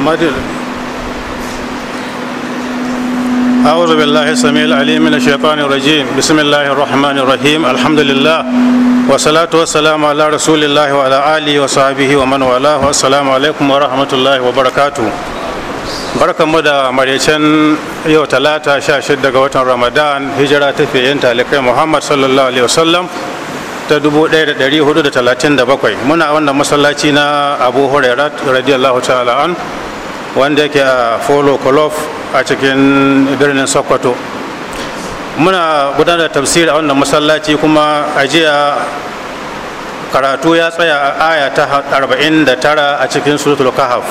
مدل أعوذ بالله السميع العليم من الشيطان الرجيم بسم الله الرحمن الرحيم الحمد لله والصلاة والسلام على رسول الله وعلى آله وصحبه ومن والاه والسلام عليكم ورحمة الله وبركاته barkan mu da maraicen yau talata sha shida ga watan ramadan hijira ta fiyin talikai muhammad sallallahu alaihi wasallam ta 1437 muna wannan masallaci na abu hurairat radiyallahu ta'ala an wanda yake a folo kolof a cikin birnin sokoto muna gudanar da tafsir a wannan masallaci kuma a jiya karatu ya tsaya a aya ta 49 a cikin suratul kahaf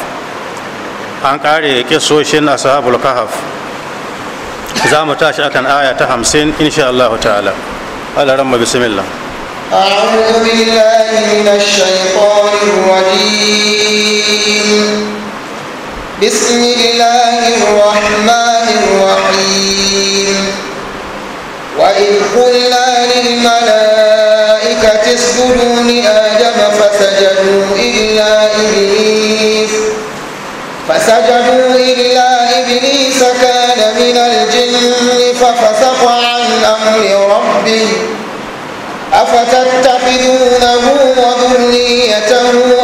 an kare kisoshin ashabul kahaf za mu tashi akan aya ta 50 insha Allah ta'ala alaram ma bismillah أعوذ بالله من الشيطان الرجيم بسم الله الرحمن الرحيم وإذ قلنا للملائكة اسجدوا لآدم فسجدوا إلا إبليس فسجدوا إلا إبليس كان من الجن ففسق عن أمر ربه أفتتخذونه وذريته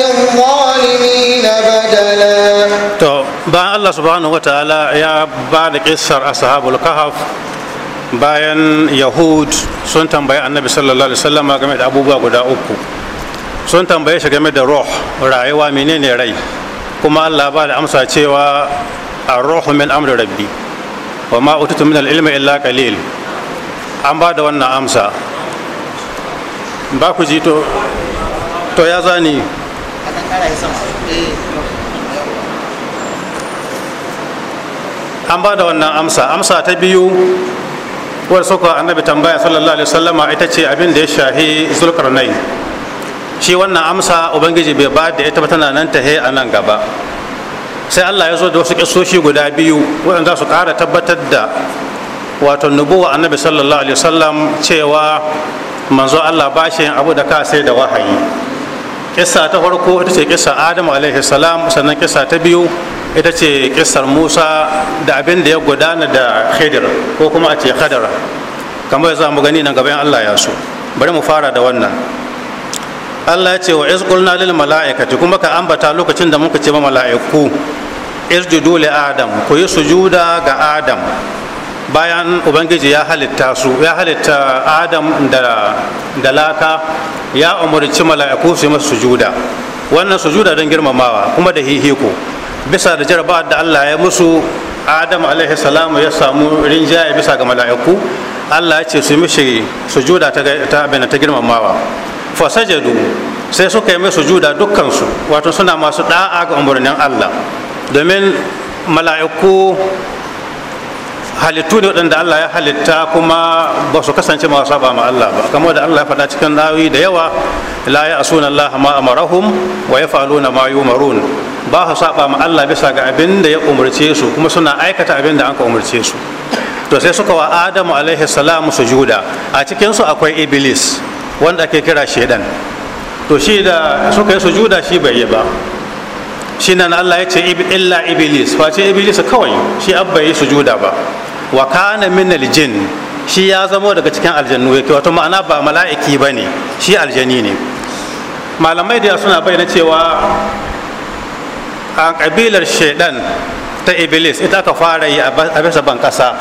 للظالمين بدلا تو بان الله سبحانه وتعالى يا بعد قصر أصحاب الكهف bayan yahud sun tambayi annabi sallallahu alaihi wasallam game da abubuwa guda uku sun tambaye shi game da ruh rayuwa menene rai kuma Allah ba da amsa cewa a ruhu min amri rabbi wa ma utitu min al-ilmi illa qalil an ba da wannan amsa ba ku ji to to ya zani Eh, an ba da wannan amsa amsa ta biyu wadda suka annabi tambaya sallallahu alaihi wasallama ita ce abin da ya shahi zulkarnai shi wannan amsa ubangiji bai ba da ita ba tana nan ta he a nan gaba sai allah ya zo da wasu kisoshi guda biyu waɗanda su kara tabbatar da wato nubuwa annabi sallallahu alaihi wasallam cewa manzo allah ba shi abu da ka sai da wahayi kissa ta farko ita ce kissa adam alaihi salam sannan kissa ta biyu ita ce kissar musa da abin da ya gudana da khidir ko kuma a ce khadara kamar za mu gani nan gaban allah ya so bari mu fara da wannan allah ya ce wa iz qulna lil mala'ikati kuma ka ambata lokacin da muka ce ma mala'iku isjudu li adam ku yi sujuda ga adam bayan ubangiji ya halitta su ya halitta adam da Dalaka ya umarci mala'iku su yi masu sujuda wannan sujuda don girmamawa kuma da hihiko bisa da jaraba da allah ya musu adam alaihi salamu ya samu rinjaye bisa ga mala'iku allah ya ce su mishi sujuda ta abin ta girmamawa fasajadu sai suka yi masa sujuda su wato suna masu da'a ga umarnin allah domin mala'iku halittu ne waɗanda Allah ya halitta kuma ba su kasance masu saba ma Allah ba kamar da Allah ya faɗa cikin nawi da yawa la ya asuna Allah ma amarahum wa yafaluna ma yumarun ba su saba ma Allah bisa ga abin da ya umarce su kuma suna aikata abin da an ka umarce su to sai suka wa Adamu alaihi salam sujuda a cikin su akwai iblis wanda ake kira shedan to shi da suka yi sujuda shi bai yi ba shi nan Allah ya ce illa iblis face iblis kawai shi abba yi sujuda ba wa kana min aljin shi ya zamo daga cikin aljannu yake wato ma'ana ba mala'iki ba ne shi aljani ne malamai da suna bayyana cewa a kabilar shaidan ta iblis ita aka fara yi a bisa ban kasa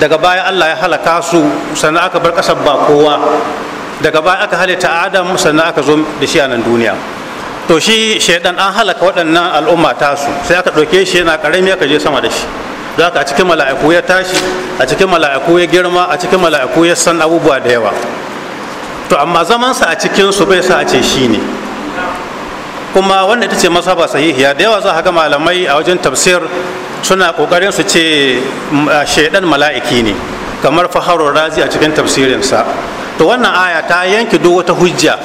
daga baya allah ya halaka su sannan aka bar ƙasar ba kowa daga baya aka halitta adam sannan aka zo da shi a nan duniya to shi shaidan an halaka waɗannan al'umma tasu sai aka ɗauke shi yana ƙarami aka je sama da shi don haka a cikin mala'iku ya tashi a cikin mala'iku ya girma a cikin mala'iku ya san abubuwa da yawa to amma zamansa a cikin su bai sa a ce shi ne kuma wanda ita ce ba sahihiya da yawa za ga malamai a wajen tafsir suna kokarin su ce shaidan mala'iki ne kamar faharun razi a cikin tafsirinsa to wannan aya ta yanke duk wata hujja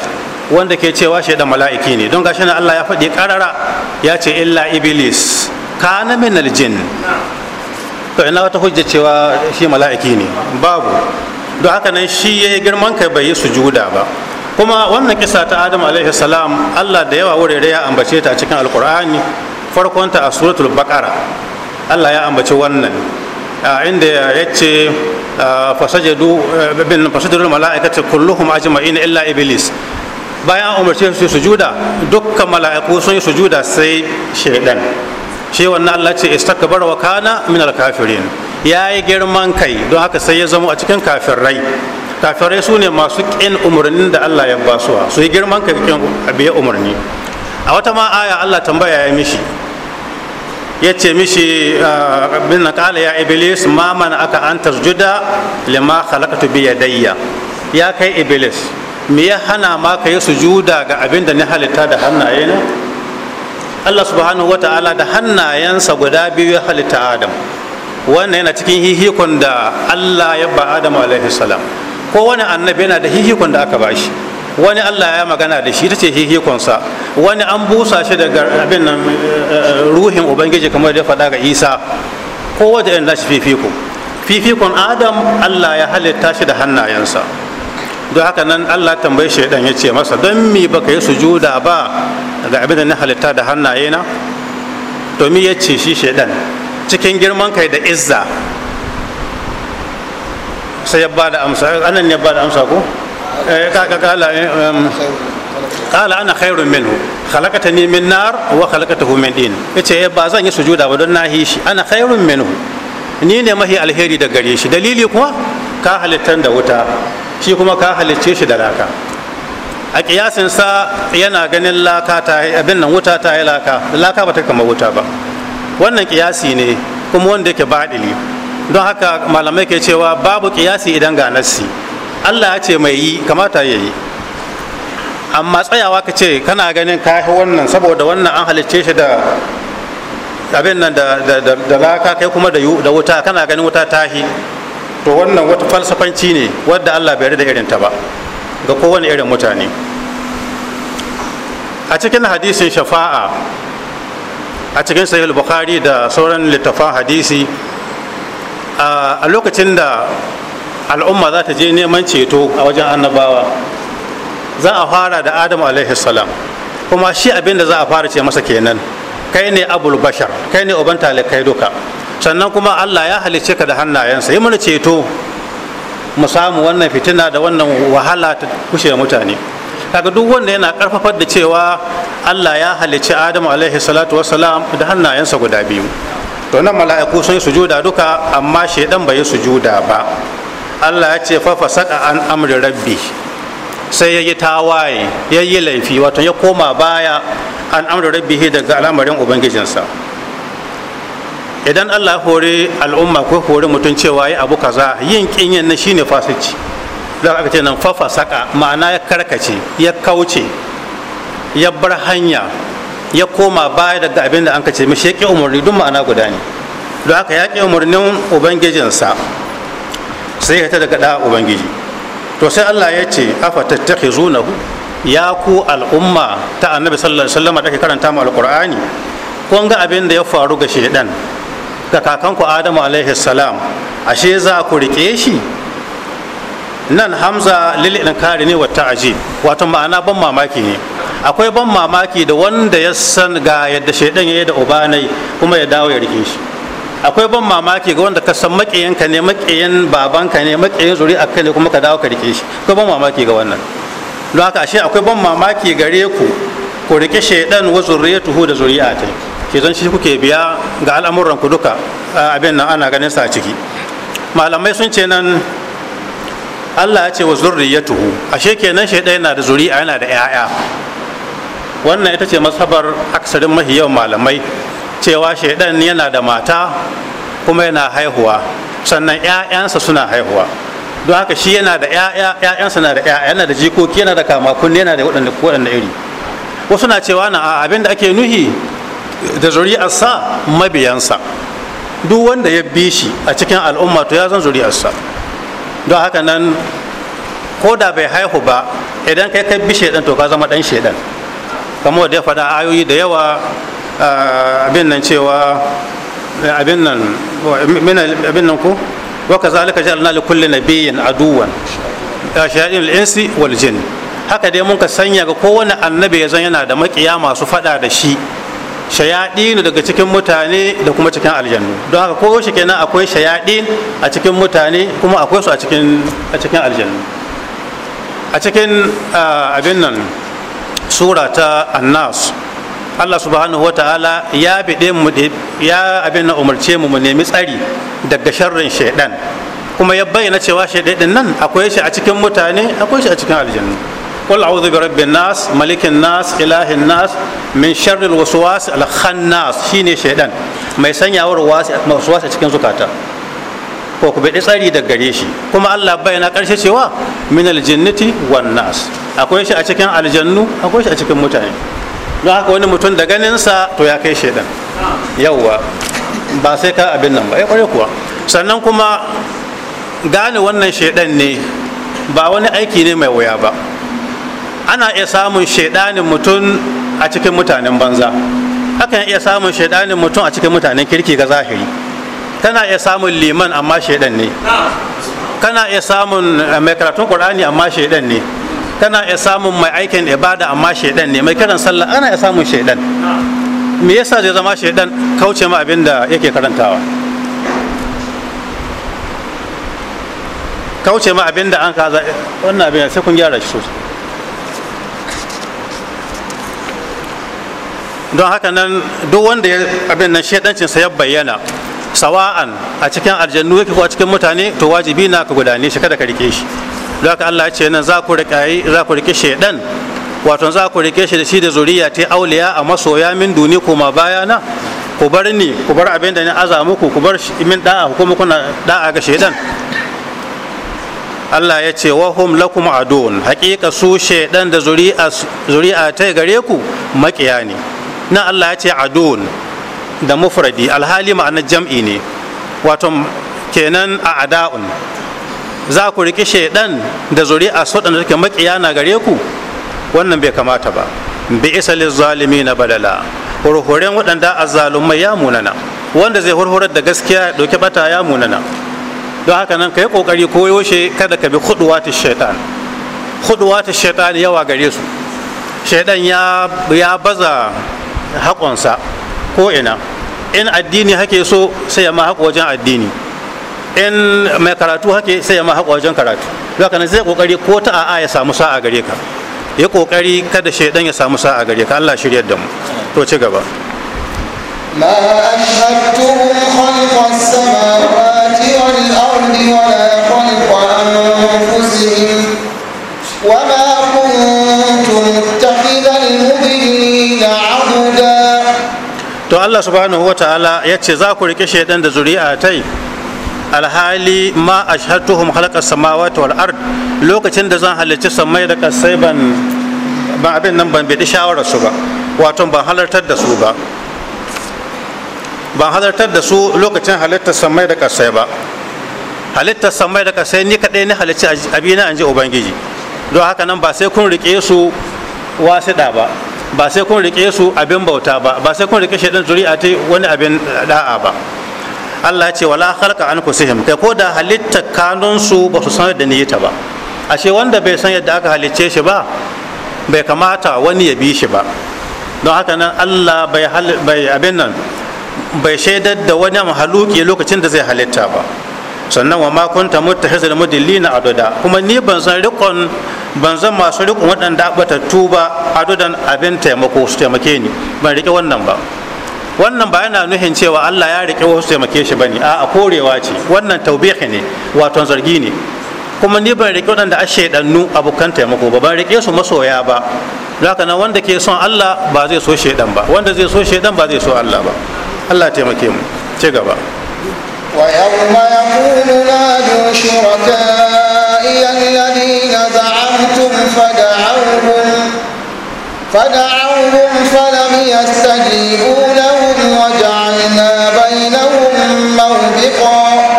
wanda ke cewa shaidan mala'iki ne don gashi na Allah ya faɗi karara ya ce illa iblis kana min aljin to ina wata hujja cewa shi mala'iki ne babu don haka nan shi ya yi girman kai bai yi sujuda ba kuma wannan kisa ta adam alaihi salam allah da yawa wurare ya ambace ta cikin alkur'ani farkonta a suratul baqara allah ya ambaci wannan inda ya ce fasajadu bin fasajadu mala'ikati kulluhum ajma'in illa iblis bayan umarce su sujuda dukkan mala'iku sun yi sujuda sai shaidan shi wannan Allah ce istakbar wa kana min al-kafirin yayi girman kai don haka sai ya zama a cikin kafirai kafirai su ne masu ƙin umarnin da Allah ya ba su su yi girman kai ƙin abiya umarni a wata ma aya Allah tambaya ya mishi ya ce mishi ah, bin na kala ya iblis ma mana aka an tasjuda lima khalaqtu bi yadayya ya kai iblis me ya hana ma ka sujuda ga abin da ni halitta da hannayena Allah subhanahu wata'ala da hannayensa guda biyu ya halitta Adam wannan yana cikin hihikon da Allah ya ba Adam alaihi salam ko wani annabi yana da hihikon da aka bashi wani Allah ya magana da shi tace sa wani an busa shi daga abin nan eh, eh, ruhin ubangiji kamar da faɗa ga Isa ko wata irin shi fifiko fifikon Adam Allah ya halitta shi da hannayensa don haka nan Allah tambayi shaidan ya ce masa don mi baka yi sujuda ba ga abin da na halitta da hannaye na to mi ya ce shi shaidan cikin girman kai da izza sai ya ba da amsa anan ya ba da amsa ko eh, kala eh, ana khairun minhu khalaqatani min nar wa khalaqatahu min din yace eh, ba zan yi sujuda ba don na hi shi ana khairun minhu ni ne mahi alheri da gare shi dalili kuwa ka halittar da wuta shi kuma ka halicce shi da laka a kiyasin sa yana ganin laka ta abin nan wuta ta yi laka laka ba ta kama wuta ba wannan kiyasi ne kuma wanda yake baɗili don haka malamai ke cewa babu kiyasi idan ga nassi allah ya ce mai yi kamata ya yi amma tsayawa ka ce kana ganin ka wannan saboda wannan an halicce shi da abin nan da laka kai kuma da wuta kana ganin wuta yi. to wannan wata falsafanci ne wadda allah bai da irin ta ba ga kowane irin mutane a cikin hadisin shafa'a a cikin sahih bukhari da sauran littafan hadisi a lokacin da al'umma za ta je neman ceto a wajen annabawa za a fara da adam salam kuma shi abin da za a fara ce masa kenan kai ne abul bashar kai ne uban talikai duka sannan kuma allah ya halicce ka da hannayensa ya mana ceto mu samu wannan fitina da wannan wahala ta kushe mutane kaga duk wanda yana karfafar da cewa allah ya halicce adamu alaihi salatu wassalam da hannayensa guda biyu to nan mala'iku sun yi sujuda duka amma shaidan bai yi sujuda ba allah ya ce fa fasaka an amri rabbi sai ya yi tawaye ya yi laifi wato ya koma baya an amri rabbihi daga al'amarin ubangijinsa idan allah ya hore al'umma ko hore mutum cewa ya abu kaza yin kinyan na shine fasici za aka ce nan fafa saka ma'ana ya karkace ya kauce ya bar hanya ya koma baya daga abin da an ka ce mishi ya ƙi umarni duk ma'ana guda ne don haka ya ƙi umarnin ubangijinsa sai ya ta daga ɗa ubangiji to sai allah ya ce afa tattakhizunahu ya ku al'umma ta annabi sallallahu alaihi wasallam da ke karanta mu alqur'ani kun ga abin da ya faru ga shaidan ga kakanku adamu alaihi salam ashe za ku rike shi nan hamza lil kare ne wata aji wato ma'ana ban mamaki ne akwai ban mamaki da wanda ya san ga yadda shaidan ya yi da ubanai kuma ya dawo ya rike shi akwai ban mamaki ga wanda ka san ka ne maƙiyan babanka ne maƙiyan zuri'arka ne kuma ka dawo ka rike shi akwai ban mamaki ga wannan don haka ashe akwai ban mamaki gare ku ku rike shaidan wa zurriyatuhu da zuri'a ki zan shi kuke biya ga al'amuran ku duka abin nan ana ganin sa a ciki malamai sun ce nan Allah ya ce wa zurriyatuhu ashe kenan shaidai yana da a yana da 'ya'ya wannan ita ce masabar aksarin mahi yawan malamai cewa shaidan yana da mata kuma yana haihuwa sannan 'ya'yansa suna haihuwa don haka shi yana da 'ya'yansa na da 'ya'ya yana da jikoki yana da kama kunne yana da waɗanda iri wasu na cewa na abin da ake nuhi da zuri'arsa mabiyansa duk wanda ya bi shi a cikin al'umma to ya san zuri'arsa don haka nan ko da bai haihu ba idan kai kai bi shaidan to ka zama dan shaidan kamar da ya faɗa ayoyi da yawa abin nan cewa abin nan abin nan ku wa kazalika ja'alna li kulli nabiyyin aduwan shayatin al-insi wal jinn haka dai mun ka sanya ga kowane annabi ya zan yana da makiya masu faɗa da shi shayaɗinu daga cikin mutane da kuma cikin aljannu don haka shi kenan akwai shayaɗin a cikin mutane kuma akwai su a cikin aljannu a cikin abin nan sura ta annas allah subhanahu wa ta'ala ya ya abin na umarce mu mu nemi tsari daga sharrin shaiɗan, kuma ya bayyana cewa shaiɗa nan akwai shi a cikin mutane akwai shi a cikin aljannu قل أعوذ برب الناس ملك الناس إله الناس من شر الوسواس الخناس شيني شيطان mai sanyawar masu wasa cikin zukata ko ku bai tsari da gare shi kuma Allah bayyana karshe cewa min aljinnati wan nas akwai shi a cikin aljannu akwai shi a cikin mutane don haka wani mutum da ganin sa to ya kai shaidan yawwa ba sai ka abin nan ba ya kware kuwa sannan kuma gane wannan shaidan ne ba wani aiki ne mai wuya ba ana iya samun shaidanin mutum a cikin mutanen banza akan iya samun shaidanin mutum a cikin mutanen kirki ga zahiri kana iya samun liman amma shaidan ne kana iya samun eh, mai karatun qur'ani amma shaidan ne kana iya samun mai aikin ibada amma shaidan ne mai kiran sallah ana iya samun shaidan me yasa zai zama shaidan kauce ma abin da yake karantawa kauce ma abin da an kaza wannan abin sai kun gyara shi sosai don haka nan duk wanda abin nan sa ya bayyana sawa'an a cikin aljannu yake ko a cikin mutane to wajibi na ka gudane shi kada ka rike shi don haka Allah ya ce nan za ku rike za ku rike shaidan wato za ku rike shi da shi da zuriya ta auliya a masoya min duni kuma bayana ku bar ni ku bar abin da ni aza muku ku bar min da'a hukuma kuna da'a ga shaidan Allah ya ce wa hum lakum adun haƙiƙa su shaidan da zuri'a ta gare ku maƙiya ne nan Allah ya ce adun da mufradi alhali ma'anar jam'i ne wato kenan a ada'un za ku riƙi shaidan da zuri'a su waɗanda suke maƙiya na gare ku wannan bai kamata ba bi isa zalimi na badala hurhuren waɗanda azzalumai ya munana wanda zai hurhurar da gaskiya ɗauki bata ya munana don haka nan ka yi ƙoƙari ko yaushe kada ka bi huduwatu shaitan huduwatu shaitan yawa gare su shaitan ya baza haƙonsa ko ina in addini hake so sai ya ma haƙo wajen addini in mai karatu hake sai ya ma haƙo wajen karatu haka zai kokari ko ta a'a ya samu sa'a gare ka ya kokari kada shaidan ya samu sa'a gare ka Allah shiryar da mu to ci gaba ما أشهدتهم خلق السماوات والأرض ولا خلق أنفسهم وما كنت متخذ المضلين huda to Allah subhanahu wa ta'ala ya ce za ku rike shaidan da zuri'a yi alhali ma ashhadtuhum khalaqas samawati wal ard lokacin da zan halarci samai da kasai ban ban abin nan ban bidi shawarar su ba wato ban halartar da su ba ban halartar da su lokacin halittar samai da kasai ba halittar samai da kasai ni kadai ni halarci abina an ji ubangiji don haka nan ba sai kun rike su wasida ba ba sai kun rike su abin bauta ba ba sai kun rike shaidan zuri'a ta wani abin da'a ba Allah ya ce wala khalaqa an kusihim kai ko da halitta kanun su ba su san da ni ta ba ashe wanda bai san yadda aka halicce shi ba bai kamata wani ya bi shi ba don haka nan Allah bai abin nan bai shaidar da wani mahaluki lokacin da zai halitta ba sannan wa ma mutu li na adoda kuma ni ban san rikon ban zan masu rikon waɗanda tuba tuba adudan abin taimako su taimake ni ban riƙe wannan ba wannan ba yana nuhin cewa Allah ya riƙe wasu taimake shi bane a'a korewa ce wannan taubihi ne wato zargi ne kuma ni ban riƙe waɗanda a shaidannu abokan taimako ba ban riƙe su masoya ba zaka nan wanda ke son Allah ba zai so shaidan ba wanda zai so shaidan ba zai so Allah ba Allah taimake mu ci gaba ويوم يقول نادوا شركائي الذين زعمتم فدعوهم فدعوهم فلم يستجيبوا لهم وجعلنا بينهم موبقا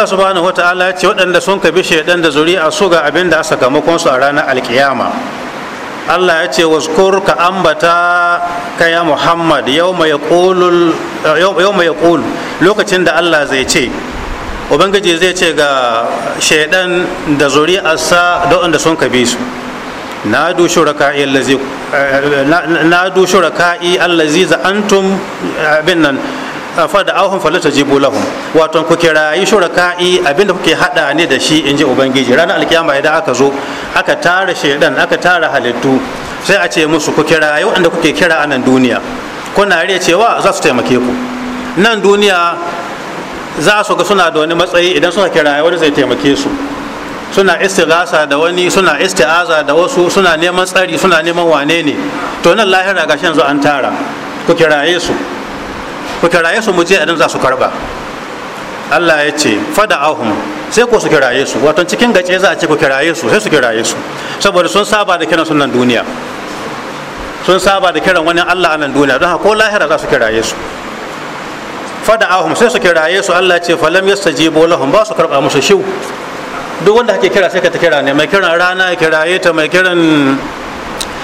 Allah subhanahu wa ta'ala ya ce waɗanda sun kabi shaidan da zuri'a su ga abin da sakamakon su a ranar alkiyama Allah ya ce wazkur ka ambata ka ya Muhammad yau mai yaqul lokacin da Allah zai ce ubangiji zai ce ga shaidan da zuri'arsa da waɗanda sun kabi su na du shuraka'i allazi eh, na allazi abin nan Ah, fada da auhum falata jibu lahum wato ku kirayi shuraka'i abinda kuke hada ne da shi inji ubangiji ranar alkiyama idan aka zo aka tara shaidan aka tara halittu sai a ce musu ku yi waɗanda kuke kira a nan duniya kuna riya cewa za su taimake ku nan duniya za su ga suna da wani matsayi idan suka kira wani zai taimake su suna istighasa da wani suna isti'aza da wasu suna neman tsari suna neman wane ne to nan lahira gashin zo an tara ku kiraye su ku kiraye su mu je idan za su karba Allah ya ce fada ahun sai ku su kiraye su wato cikin gace za a ce ku kiraye su sai su kiraye su saboda sun saba da kiran sunan duniya sun saba da kiran wani Allah a nan duniya don ko lahira za su kiraye su fada ahun sai su kiraye su Allah ce falam yastajibu lahum ba su karba musu shiu duk wanda kake kira sai ka ta kira ne mai kiran rana ya kiraye ta mai kiran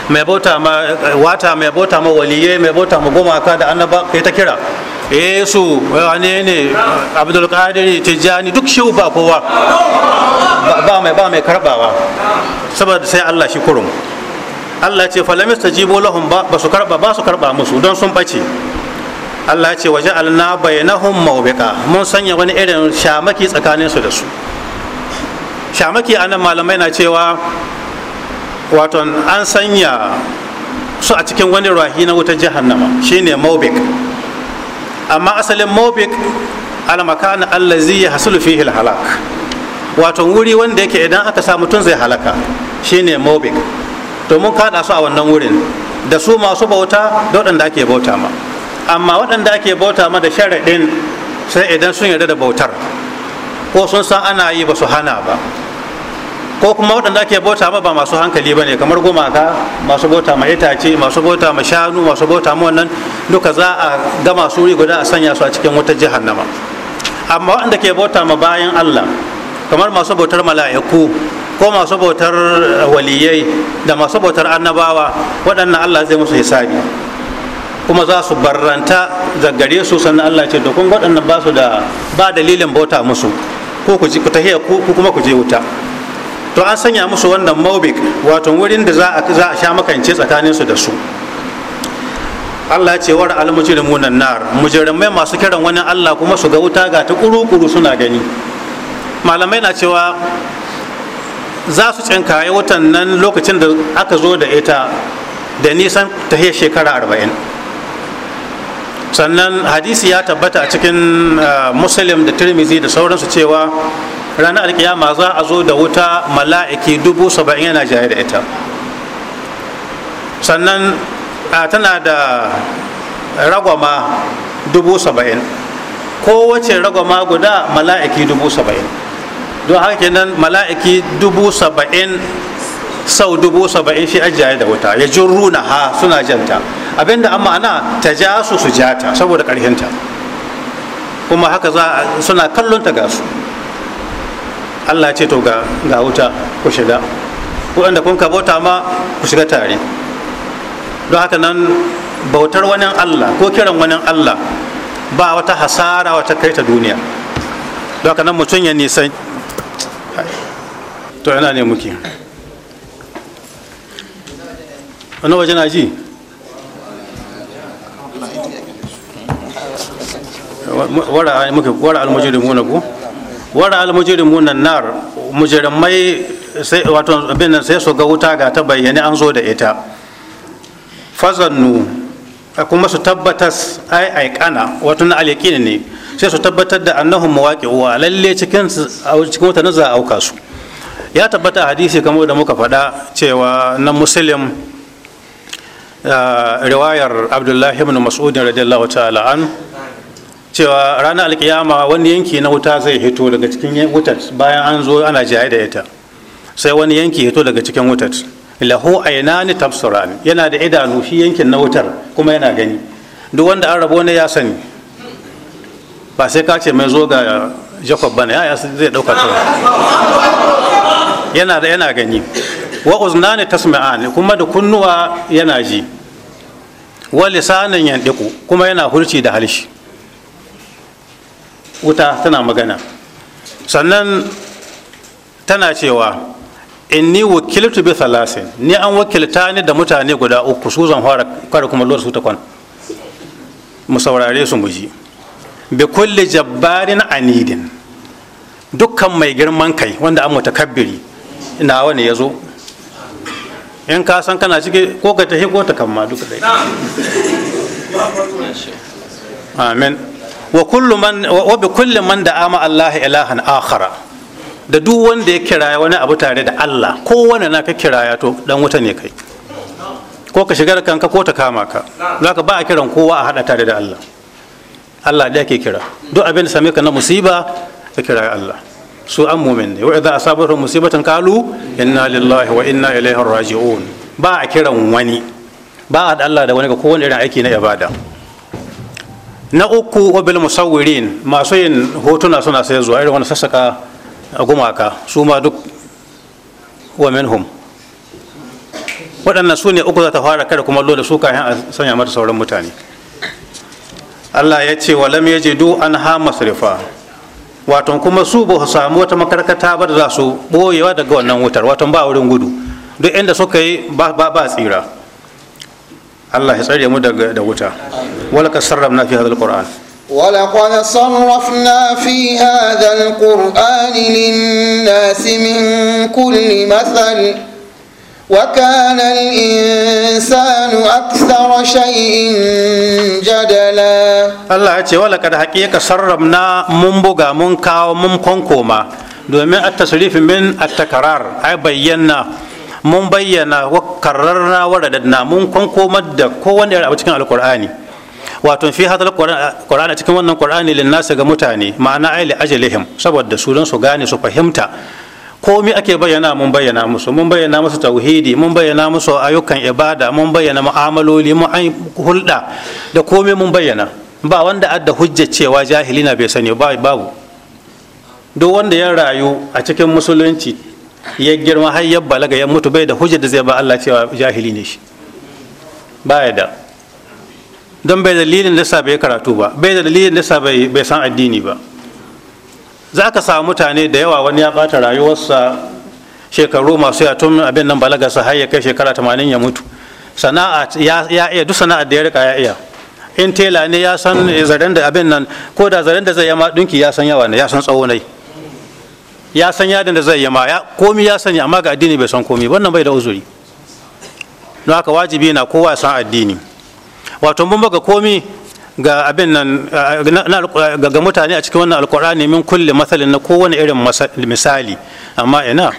mai bauta ma wata mai bauta ma waliye mai bauta ma gumaka da annaba kai ta kira yesu wane ne abdul qadir tijani duk shi ba kowa ba mai ba mai karbawa saboda sai Allah shi kurum Allah ce falam yastajibu lahum ba su karba ba su karba musu don sun bace Allah ce waje alna bainahum mawbika mun sanya wani irin shamaki tsakanin su da su shamaki anan malamai na cewa waton an sanya su a cikin wani rahi na wutar jahannama shine mobik amma asalin mobik almakan allazi ya hasulu fihi halak wato wuri wanda yake idan aka sa mutum zai halaka shine mobik to mun kada su a wannan wurin da su masu bauta da waɗanda ake bauta ma amma waɗanda ake bauta ma da sharaɗin sai idan sun yarda da bautar ko sun san ana yi ba su hana ba ko kuma waɗanda ake bauta ma ba masu hankali ba ne kamar gumaka masu bauta ma itace masu bauta ma shanu masu bauta ma wannan duka za a gama su guda a sanya su a cikin wata jahannama amma waɗanda ke bauta ma bayan allah kamar masu bautar mala'iku ko masu bautar waliyai da masu bautar annabawa waɗannan allah zai musu hisabi kuma za su barranta gare su sannan Allah ce to kun waɗannan ba su da ba dalilin bauta musu ko ku ku tahiya ku kuma ku je wuta to an sanya musu wannan maubik wato wurin da za a sha makance tsakaninsu da su Allah ce war mujrimun nar mujrimai masu kiran wani Allah kuma su ga wuta ga ta kuru suna gani malamai na cewa za su tsinkaye watan nan lokacin da aka zo da ita da nisan tahiyar shekara arba'in sannan hadisi ya tabbata a cikin uh, muslim da tirmizi da sauransu cewa ranar alkiyama za a zo da wuta mala'iki dubu saba'in yana jaye da ita sannan a tana da ragwama dubu saba'in kowace ragwama guda mala'iki dubu saba'in don haka kenan mala'iki dubu saba'in sau dubu saba'in shi ajiye da wuta ya runa ha suna janta abinda an ma'ana ta ja su su jata saboda ƙarfinta kuma haka za suna kallon ta gasu Allah ce to ga wuta ku shiga waɗanda kun ka bauta ma ku shiga tare don haka nan bautar wani Allah ko kiran wani Allah ba wata hasara wata kai ta duniya don haka nan mutum ya nisan to yana ne muke wani waje na ji wara muke wara ku wara almujrimuna nar mujrimai sai wato nan sai su ga wuta ga ta bayyane an zo da ita fazannu kuma su tabbatas ai kana wato na alyaqin ne sai su tabbatar da annahum mawaqi'u lalle cikin cikin wata za a auka su ya tabbata hadisi kamar da muka faɗa cewa na muslim ah, riwayar abdullahi ibn mas'ud radiyallahu ta'ala an cewa ranar alkiyama wani yanki na wuta zai hito daga cikin wutar bayan an zo ana jaye da ita sai wani yanki hito daga cikin wutar lahu ainani tafsiran yana da idanu shi yankin na wutar kuma yana gani duk wanda an rabo ne ya sani ba sai ka ce mai zo ga jacob bane ya zai dauka yana da yana gani wa uznani tasma'an kuma da kunnuwa yana ji wa lisanan yandiku kuma yana hurci da halshi wuta tana magana sannan tana cewa in ni wakiltu bi salasin ni an wakilta ni da mutane guda uku su zan fara kare kuma lura su ta kwan mu saurare su mu ji bi kulli jabbarin anidin dukkan mai girman kai wanda an mutakabbiri ina wani ya zo in ka san kana cike ko ka tahi ko ta kamma duka dai amen wa kullu man da ama Allah ilahan akhara da duk wanda ya kiraya wani abu tare da Allah ko wanda na ka kiraya to dan wuta ne kai ko ka shigar kanka ko ta kama ka zaka ba a kiran kowa a hada tare da Allah Allah da ke kira duk abin da same ka na musiba ka kiraya Allah su an mumin ne wa idza asabatu musibatan qalu inna lillahi wa inna ilaihi raji'un ba a kiran wani ba a da Allah da wani ga kowane irin aiki na ibada na uku obil musawirin masu yin hotuna suna sai zuwa irin wani sassaka a gumaka su ma duk wa minhum waɗannan su ne uku za ta fara kada kuma da su kayan a sanya mata sauran mutane allah ya ce wa lam yajidu an ha masrifa wato kuma su ba su samu wata makarkata ba da za su ɓoyewa daga wannan wutar wato ba wurin gudu duk inda suka yi ba tsira Allah ya tsare mu da wuta wala sarrafna fi hadha alquran wala sarrafna fi hadha alquran lin nas min kulli mathal wa kana al insanu akthar shay'in jadala Allah ya ce wala kad haqiqa sarrafna mun buga mun kawo mun konkoma domin at-tasrif min at-takrar ay bayyana mun bayyana wa karrarna wa radadna mun kwankomar da wanda ya a cikin alqur'ani wato fi hadal qur'ani cikin wannan qur'ani lin nasu ga mutane ma'ana ayli ajalihim saboda su su gane su fahimta komi ake bayyana mun bayyana musu mun bayyana musu tauhidi mun bayyana musu ayyukan ibada mun bayyana mu'amaloli mun hulɗa da komi mun bayyana ba wanda adda hujja cewa jahilina bai sani babu duk wanda ya rayu a cikin musulunci ya girma har ya balaga ya mutu bai da hujjar da zai ba Allah cewa jahili ne shi baya da don bai dalilin da sa bai karatu ba bai da dalilin da sa bai san addini ba za ka samu mutane da yawa wani ya bata rayuwarsa shekaru masu ya tun abin nan balaga sa har ya kai shekara 80 ya mutu sana'a ya iya duk sana'ar da ya rika ya iya in tela ne ya san zaren da abin nan ko da zaren da zai yama dinki ya san yawa ne ya san tsawo ne ya san yadin da zai yama ya komi ya sani amma ga addini bai san komi wannan bai da uzuri don haka wajibi na kowa ya san addini wato mun ga komi ga abin nan ga mutane a cikin wannan alkur'ani min kulle masalin na kowane irin misali amma ina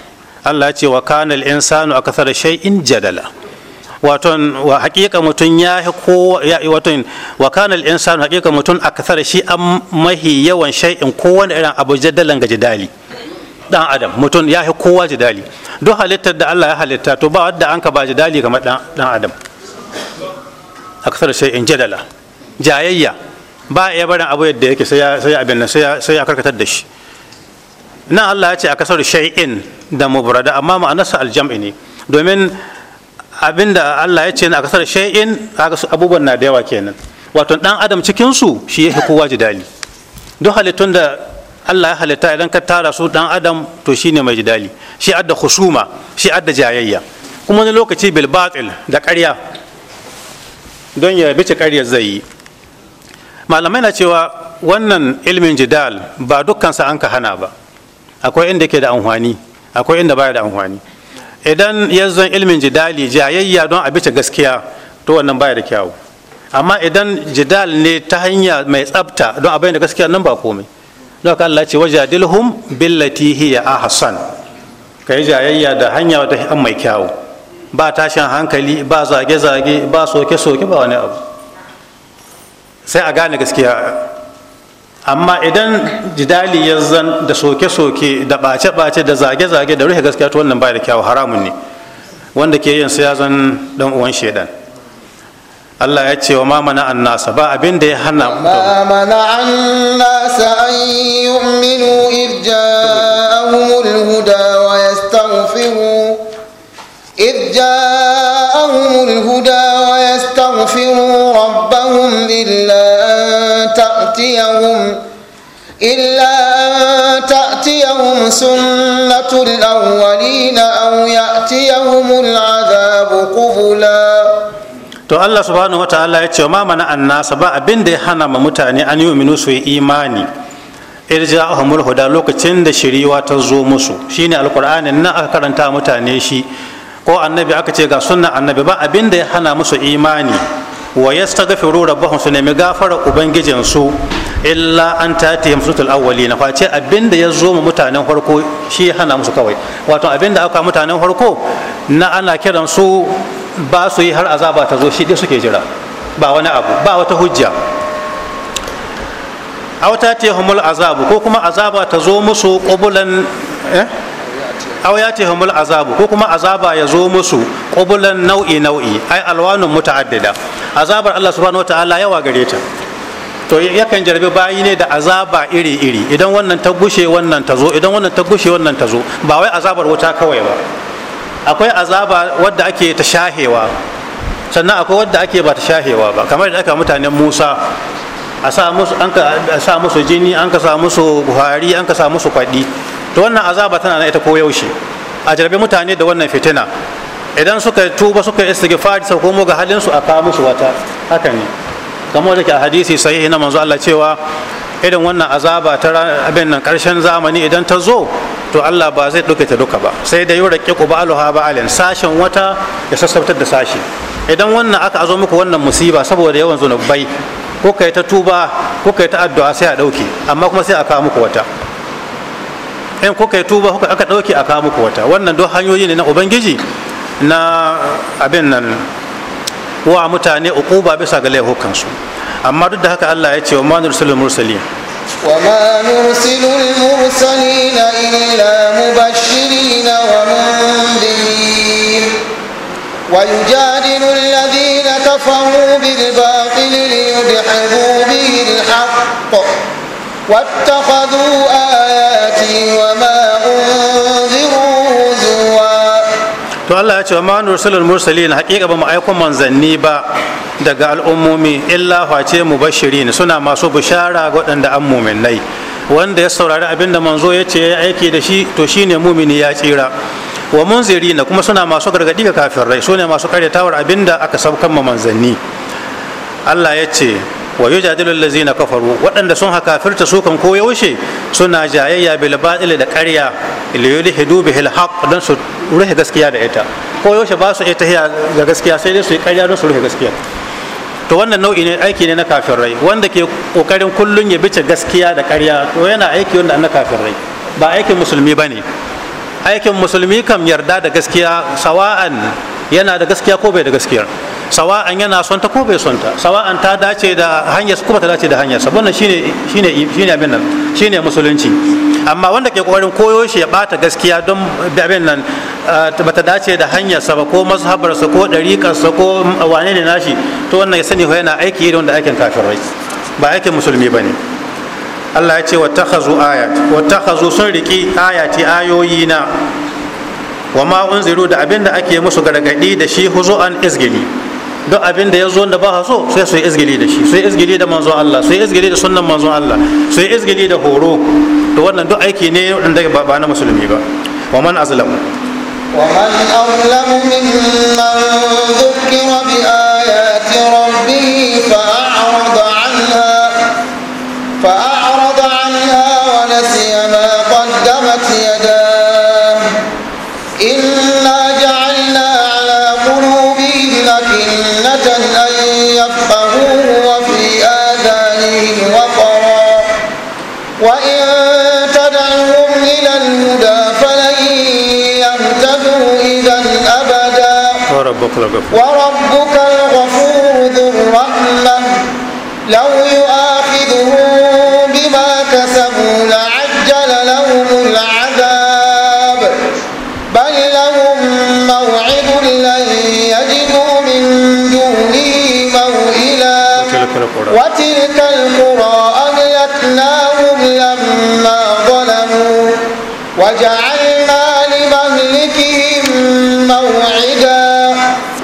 Allah ce wa kana al-insanu akthara shay'in jadala wato wa haƙiƙa mutun ya ko ya wa kana al-insanu haƙiƙa mutun akthara shi am mahi yawan shay'in kowane irin abu jadalan ga jidali dan adam mutum ya fi kowa jidali duk halittar da Allah ya halitta to ba wadda an ka ba jidali kamar dan adam aksar in jadala jayayya ba ya barin abu yadda yake sai ya abin sai ya karkatar da shi na Allah ya ce aksar shay'in da mubrada amma ma'anarsa aljam'i ne domin abinda Allah ya ce na aksar shay'in abubuwan na da yawa kenan wato dan adam cikin su shi fi kowa jidali duk halittun da Allah ya halitta idan ka tara su dan adam to shine mai jidali shi adda khusuma shi adda jayayya kuma wani lokaci bil batil da ƙarya don ya bice ƙarya zai yi malamai na cewa wannan ilmin jidal ba dukkansa an ka hana ba akwai inda ke da amfani akwai inda baya da amfani idan yanzu ilmin jidali jayayya don a bice gaskiya to wannan baya da kyawu amma idan jidal ne ta hanya mai tsabta don a bayyana gaskiya nan ba komai don Allah ce wajadilhum billati hiya ahsan ka yi jayayya da hanya wata an mai kyawu ba tashin hankali ba zage-zage ba soke-soke ba wani abu sai a gane gaskiya amma idan jidali ya zan da soke-soke da ɓace-ɓace da zage-zage da rufe gaskiya to wannan ba da kyawu haramun ne wanda ke yin sai ya zan dan uwan shedan Allah ya ce wa ma mana nasa ba abin da ya hana ma mana nasa an yu'minu id ja'ahumul huda wa yastaghfiru id ja'ahumul huda wa yastaghfiru rabbahum illa ta'tiyahum illa ta'tiyahum sunnatul awwalina aw ya'tiyahumul 'adhabu qubula to Allah subhanahu wataala ya ce ma mana annasa ba abin da ya hana ma mutane an yi minu su yi imani Irja irja'ahumul huda lokacin da shiriwa ta zo musu shine alqur'ani na aka karanta mutane shi ko annabi aka ce ga sunna annabi ba abin da ya hana musu imani wa yastaghfiru rabbahum su nemi gafara ubangijin su illa an tatihim sutul awwalina fa ce abin da ya zo ma mutanen farko shi hana musu kawai wato abin da aka mutanen farko na ana kiran su ba su yi har azaba ta zo shi dai suke jira ba wani abu ba wata hujja auta ta humul azabu ko kuma azaba ta zo musu ƙubulan eh? ya ta humul azabu ko kuma azaba ya zo musu ƙubulan nau'i nau'i ai alwanun muta'addida azabar Allah subhanahu wataala yawa gare ta to yakan jarbi bayi ne da azaba iri iri idan wannan ta gushe wannan ta zo idan wannan ta gushe wannan ta zo ba wai azabar wuta kawai ba akwai azaba wadda ake ta shahewa sannan akwai wadda ake ba ta shahewa ba kamar da aka mutanen musa a sa musu an ka sa musu jini an ka sa musu buhari an ka sa musu kwadi, to wannan azaba tana na ita ko yaushe a jarabe mutane da wannan fitina idan suka tuba suka istighfar sai komo ga halin su aka musu wata haka ne kamar da ke a hadisi sahihi na manzo Allah cewa irin wannan azaba ta abin nan karshen zamani idan ta zo to Allah ba zai ɗauke ta duka ba sai da yura ƙi ba alin sashen wata ya sassautar da sashi idan wannan aka azo muku wannan musiba saboda yawan bai ko kai ta tuba ko kai ta addu'a sai a ɗauke amma kuma sai a kawo muku wata in ko kai tuba ko aka ɗauke a kawo muku wata wannan duk hanyoyi ne na ubangiji na abin nan wa mutane uquba bisa ga laifukansu amma duk da haka Allah ya ce wa manursul mursalin وما نرسل المرسلين إلا مبشرين ومنذرين ويجادل الذين كفروا بالباطل ليدحضوا به الحق واتخذوا آياتي وما أنذروا to Allah ya ce wa manu rasulul mursalin haƙiƙa ba mu aiko manzanni ba daga al'ummomi illa face mu bashirin suna masu bishara ga waɗanda an muminai wanda ya saurari abin da manzo ya ce ya aiki da shi to shi ne mumini ya tsira wa munzirina kuma suna masu gargaɗi ga kafirai su ne masu karyatawar abin da aka saukan ma manzanni Allah ya ce wa yujadilu allazina kafaru waɗanda sun haka firta su kan koyaushe suna jayayya bil batil da ƙarya li yulhidu bihil haqq dan su ruhe gaskiya da ita ko yaushe ba su ita ga gaskiya sai dai su yi ƙarya don su ruhe gaskiya to wannan nau'i ne aiki ne na kafirai wanda ke kokarin kullun ya bice gaskiya da ƙarya to yana aiki wanda na kafirai ba aikin musulmi bane aikin musulmi kam yarda da gaskiya sawa'an yana da gaskiya ko bai da gaskiya sawa'an yana son ta ko bai son ta sawa'an ta dace da hanyar ko ta dace da hanyar sa wannan shine shine shine abin nan shine musulunci amma wanda ke kokarin koyo shi ya bata gaskiya don abin nan eh, ba ta dace da hanyar sa ba ko mazhabar sa ko dariƙar sa ko wane ne nashi to wannan ya sani fa yana aiki irin wanda aikin kafirai ba aikin musulmi bane Allah ya ce wa takhazu ayat wa takhazu sun riki ayati ayoyi na wa ma unziru da abin da ake musu gargadi da shi an izgili duk abin da ya zo da ba ha so sai su yi izgili da shi su yi izgili da manzon Allah su yi izgili da sunnan manzon Allah su yi izgili da horo to wannan duk aiki ne wanda ba na musulmi ba wa man azlamu ومن أظلم ممن ذكر بآيات ربه فأعرض عنها فأعرض وربك الغفور وربك الغفور ذو الرحمة لو يؤاخذهم بما كسبوا لعجل لهم العذاب بل لهم موعد لن يجدوا من دونه موئلا وتلك القرى أهلكناهم لما ظلموا وجعلنا لمهلكهم موعدا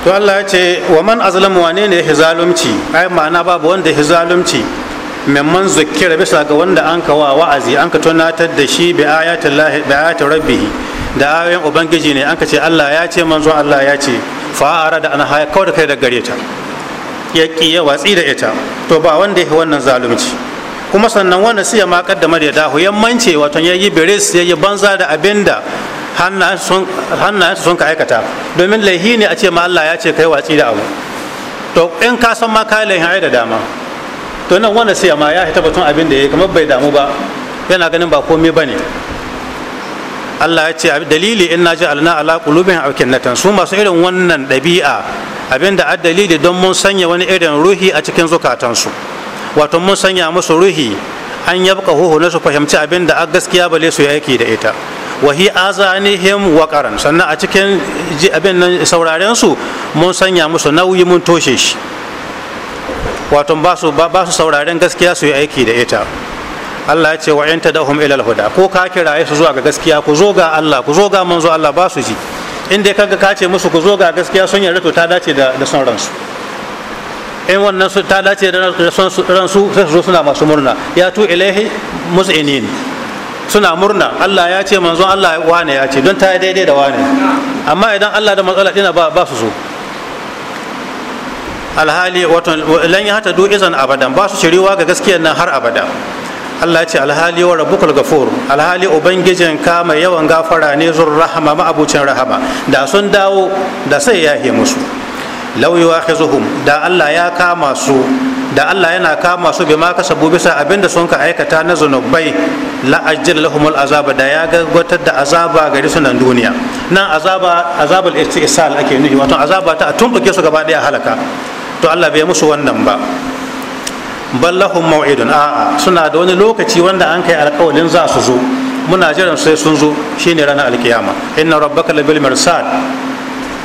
to Allah ya ce wa man azlamu wane ne ya zalunci ai ma'ana babu wanda ya zalunci memman zukira bisa ga wanda an ka wa wa'azi an ka tunatar da shi bi ayatin rabbih da ayoyin ubangiji ne an ka ce Allah ya ce manzon Allah ya ce ara da an haya kawai da kai da gare ta ya ya watsi da ita to ba wanda ya wannan zalunci kuma sannan wanda siya ma makar da dahu yammanci wato ya yi biris ya yi banza da abinda hannayensu sun ka aikata domin laihi ne a ce ma Allah ya ce kai watsi da abu to in ka san ma ka laihin ai da dama to nan wanda sai ma ya hita batun abin da ya yi kamar bai damu ba yana ganin ba komai ba ne Allah ya ce dalili in na ji alna ala kulubin aukin kinnatan su masu irin wannan ɗabi'a abin da dalili don mun sanya wani irin ruhi a cikin zukatansu wato mun sanya musu ruhi an yabka huhu na su fahimci abin da gaskiya bale su yi aiki da ita wahi azanihim waƙaran sannan a cikin abin nan sauraren su mun sanya musu nauyi mun toshe shi wato ba su ba su sauraren gaskiya su yi aiki da ita Allah ya ce wa yanta hum ila huda ko ka kiraye su zuwa ga gaskiya ku zo ga Allah ku zo ga manzo Allah ba su ji inda kaga ka ce musu ku zo ga gaskiya sun yarda to ta dace da son ransu in wannan su ta dace da ransu sai su zo suna masu murna ya tu ilaihi mus'inin suna murna Allah ya ce manzon Allah wane ya ce don ta daidai da wane amma idan Allah da matsala dina ba su so alhali wato lan yata du izan abadan ba su shiriwa ga gaskiyar nan har abada Allah ya ce alhali wa rabbukul gafur alhali ubangijin ka mai yawan gafara ne zur rahama ma abucin rahama da sun dawo da sai yahe musu law yuwakhidhuhum da Allah ya kama su da Allah yana kama su bi ma kasabu bisa abinda sun ka aikata na zunubai la ajjal al azaba da ya gabatar da azaba gari su nan duniya nan azaba azabul istisal ake nufi wato azaba ta tumbuke su gaba daya halaka to Allah bai musu wannan ba ballahum mau'idun a'a suna da wani lokaci wanda an kai alƙawalin za su zo muna jiran sai sun zo shine ranar alkiyama inna rabbaka labil mirsad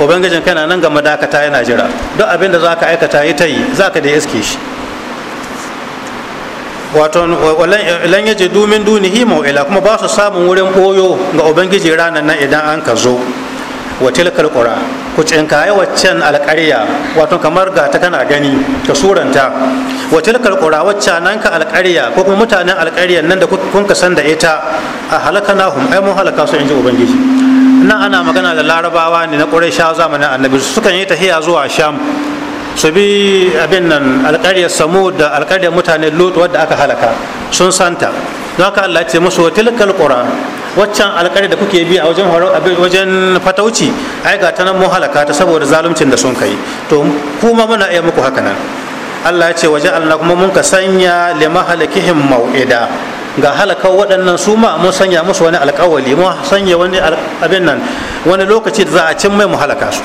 ubangijin kana nan ga madakata yana jira duk abin da zaka aikata yi ta yi zaka da iske shi wato lan yaje dumin himo ila kuma ba su samun wurin boyo ga ubangiji ranar nan idan an ka zo wa tilkal qura ku tsinkaye waccan alqarya wato kamar ga ta kana gani ka suranta wa tilkal qura wacca nan ka alqarya ko kuma mutanen alqaryan nan da kun ka san da ita a hum ai mun halaka su inji ubangiji nan ana magana da larabawa ne na quraisha zamanin annabi su, sukan yi tahiya zuwa sham su bi abin nan alƙaryar samu da alƙaryar mutane lut wadda aka halaka sun santa don haka allah ce musu wa tilkal qura waccan alƙaryar da kuke bi a wajen wajen fatauci ai ga ta nan mun halaka ta saboda zaluncin da sun kai to kuma muna iya muku haka nan allah ya ce waje allah kuma mun ka sanya lima mau'ida ga halaka waɗannan su ma mun sanya musu wani alƙawali mun sanya wani abin nan wani lokaci da za a cin mai mu halaka su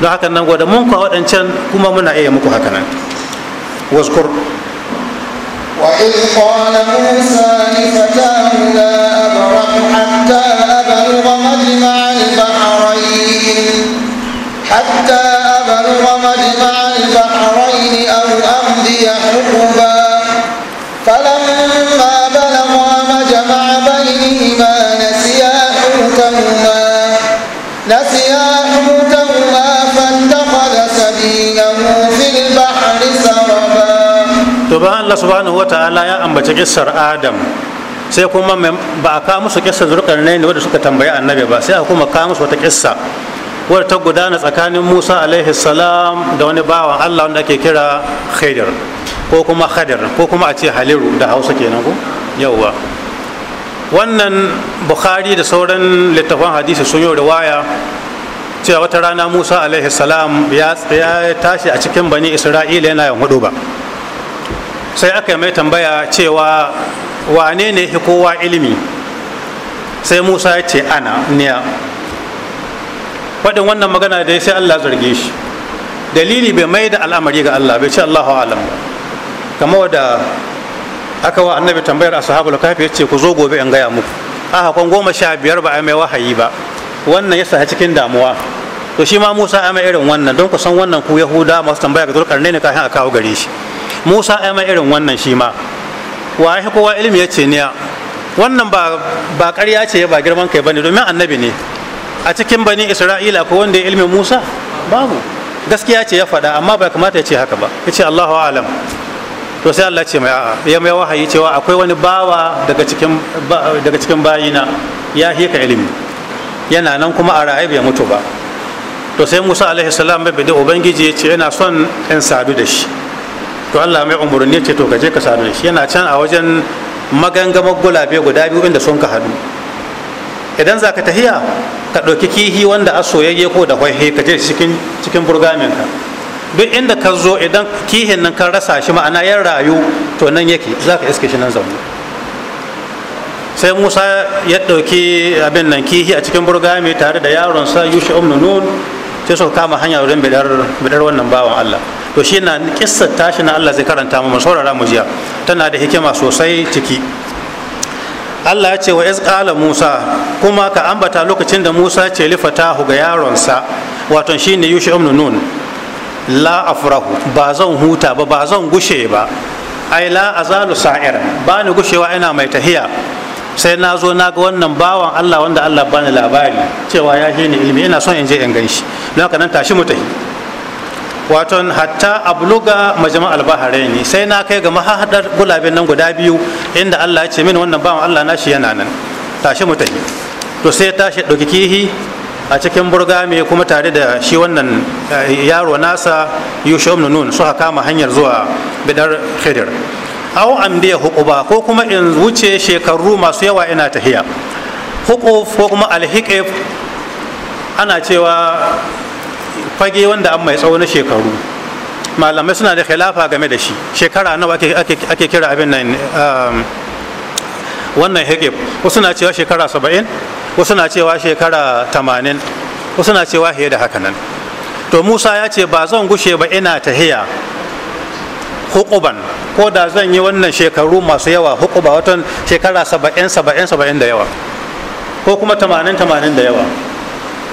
don haka nan gwada mun kwa waɗancan kuma muna iya muku haka nan waskur وإذ قال موسى لفتاه لا أبرح حتى أبلغ مجمع البحرين حتى أبلغ مجمع البحرين أو أمضي حقبا فلما حوتهما Allah subhanahu ta'ala ya ambaci kissar Adam sai kuma ba a kawo musu kissar ne wanda suka tambayi annabi ba sai a kuma kawo musu wata kissa wadda ta gudana tsakanin Musa alaihi salam da wani bawan Allah wanda ake kira Khidir ko kuma Khadir ko kuma a ce Haliru da Hausa kenan ko yauwa wannan bukhari da sauran littafan hadisi sun yi riwaya cewa wata rana musa alaihi salam ya tashi a cikin bani isra'ila yana yin hudu ba sai aka yi mai tambaya cewa wane ne fi kowa ilimi sai musa ya ce ana niya faɗin wannan magana da ya sai allah zarge shi dalili bai mai da al'amari ga allah bai ce allahu alam kamar da aka wa annabi tambayar ashabul ya yace ku zo gobe in gaya muku a hakon goma sha biyar ba a mai wahayi ba wannan ya sa cikin damuwa to shi ma Musa ya mai irin wannan don ku san wannan ku Yahuda masu tambaya ga ka kafin a kawo gare shi Musa ya mai irin wannan shi ma wa ya kowa ilimi yace niya wannan ba ba ƙarya ce ba girman kai bane domin annabi ne a cikin bani Isra'ila ko wanda ya ilimin Musa babu gaskiya ce ya faɗa amma bai kamata ya ce haka ba yace Allahu a'lam to sai Allah ce mai a'a ya mai wahayi cewa akwai wani bawa daga cikin bayina ya hika ilimi yana nan kuma a raye bai mutu ba to sai Musa alaihi salam bai bada ubangiji ya ce yana son in sadu da shi to Allah mai umurni ce to gaje ka sadu da shi yana can a wajen magangamar gulabe guda biyu inda sun ka hadu idan za ka tahiya ka ɗauki kihi wanda a soyayye ko da kwaihe ka je cikin cikin burgaminka duk inda ka zo idan kihin nan ka rasa shi ma'ana yan rayu to nan yake za ka iske shi nan zaune sai musa ya ɗauki abin nan kihi a cikin burgami tare da yaronsa yushe umnu nun sai suka kama hanya wurin bidar wannan bawan allah to shi na kissar tashi na allah zai karanta mu saurara mu jiya tana da hikima sosai ciki allah ya ce wa izqala musa kuma ka ambata lokacin da musa ce Tahu ga yaronsa wato shine yushe umnu nun la afrahu ba zan huta ba ba zan gushe ba ai la azalu sa'ira ba ni gushewa ina mai tahiya sai na zo na ga wannan bawan Allah wanda Allah bani labari cewa ya je ni ilimi ina son in je in gan shi don haka nan tashi mu tahi wato hatta abluga majma al-bahraini sai na kai ga mahadar gulabin nan guda biyu inda Allah ya ce min wannan bawan Allah na shi yana nan tashi mu tahi to sai tashi dauki kihi a cikin burgami kuma tare da shi wannan eh, yaro nasa yusha ibn nun suka kama hanyar zuwa bidar khidir aw amdiya huquba ko kuma in wuce shekaru masu yawa ina tahiya huquf ko kuma alhiqif ana cewa fage wanda an mai tsawo shekaru malamai suna da khilafa game da shi shekara nawa ake kira abin nan um, wannan hikif wasu na cewa shekara saba'in wasu na cewa shekara tamanin wasu na cewa fiye da haka nan to musa ya ce ba zan gushe ba ina tahiya hukuban ko da zan yi wannan shekaru masu yawa hukuba watan shekara saba'in saba'in saba'in da yawa ko kuma tamanin tamanin da yawa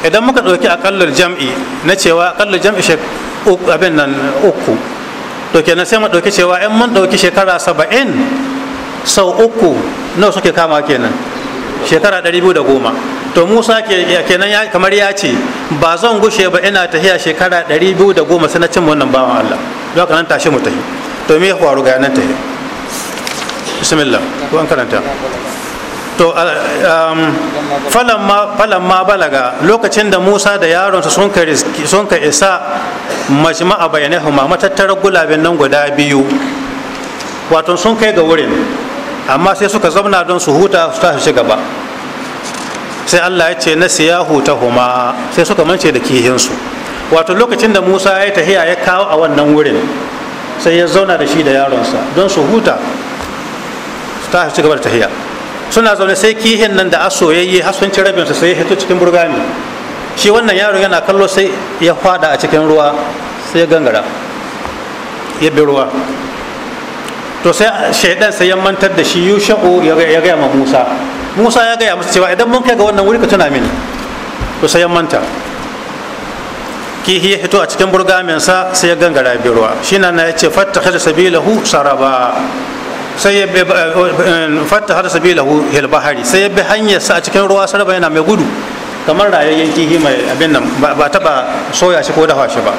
idan muka ɗauki aƙalla jam'i na cewa aƙalla jam'i abin nan uku to kenan sai mu ɗauki cewa in mun ɗauki shekara saba'in sau uku nawa suke kama kenan shekara ɗari biyu da goma to musa kenan kamar ya ce ba zan gushe ba ina tahiya shekara ɗari biyu da goma sana cin wannan bawan allah don haka nan tashi mu tahi to me ya faru ga nan tahi bismillah ko an karanta to um, falan ma balaga lokacin da musa da su sun ka isa majma'a bayanai huma matattarar gulabin nan guda biyu wato sun kai ga wurin amma sai suka zauna don su huta su tashi gaba sai Allah ya ce na siya huta huma sai suka mance da kihinsu wato lokacin da Musa ya yi tahiya ya kawo a wannan wurin sai ya zauna da shi da yaronsa don su huta su tashi ci gaba da tahiya suna zaune sai kihin nan da asoyayye hasunci rabinsa sai ya hito cikin burgami shi wannan yaro yana kallo sai ya fada a cikin ruwa sai ya gangara ya bi ruwa to sai shaidan sai ya mantar da shi yusha'u ya gaya ma musa musa ya gaya masa cewa idan mun kai ga wannan wuri ka tuna mini to sai ya manta kihi ya fito a cikin burgaminsa sai ya gangara bi ruwa shi na ya ce fattakhar sabilahu saraba sai ya bi eh, sabilahu hil bahari sai ya bi sa a cikin ruwa saraba yana mai gudu kamar rayayyen kihi mai abin nan ba taba soya shi ko da shi ba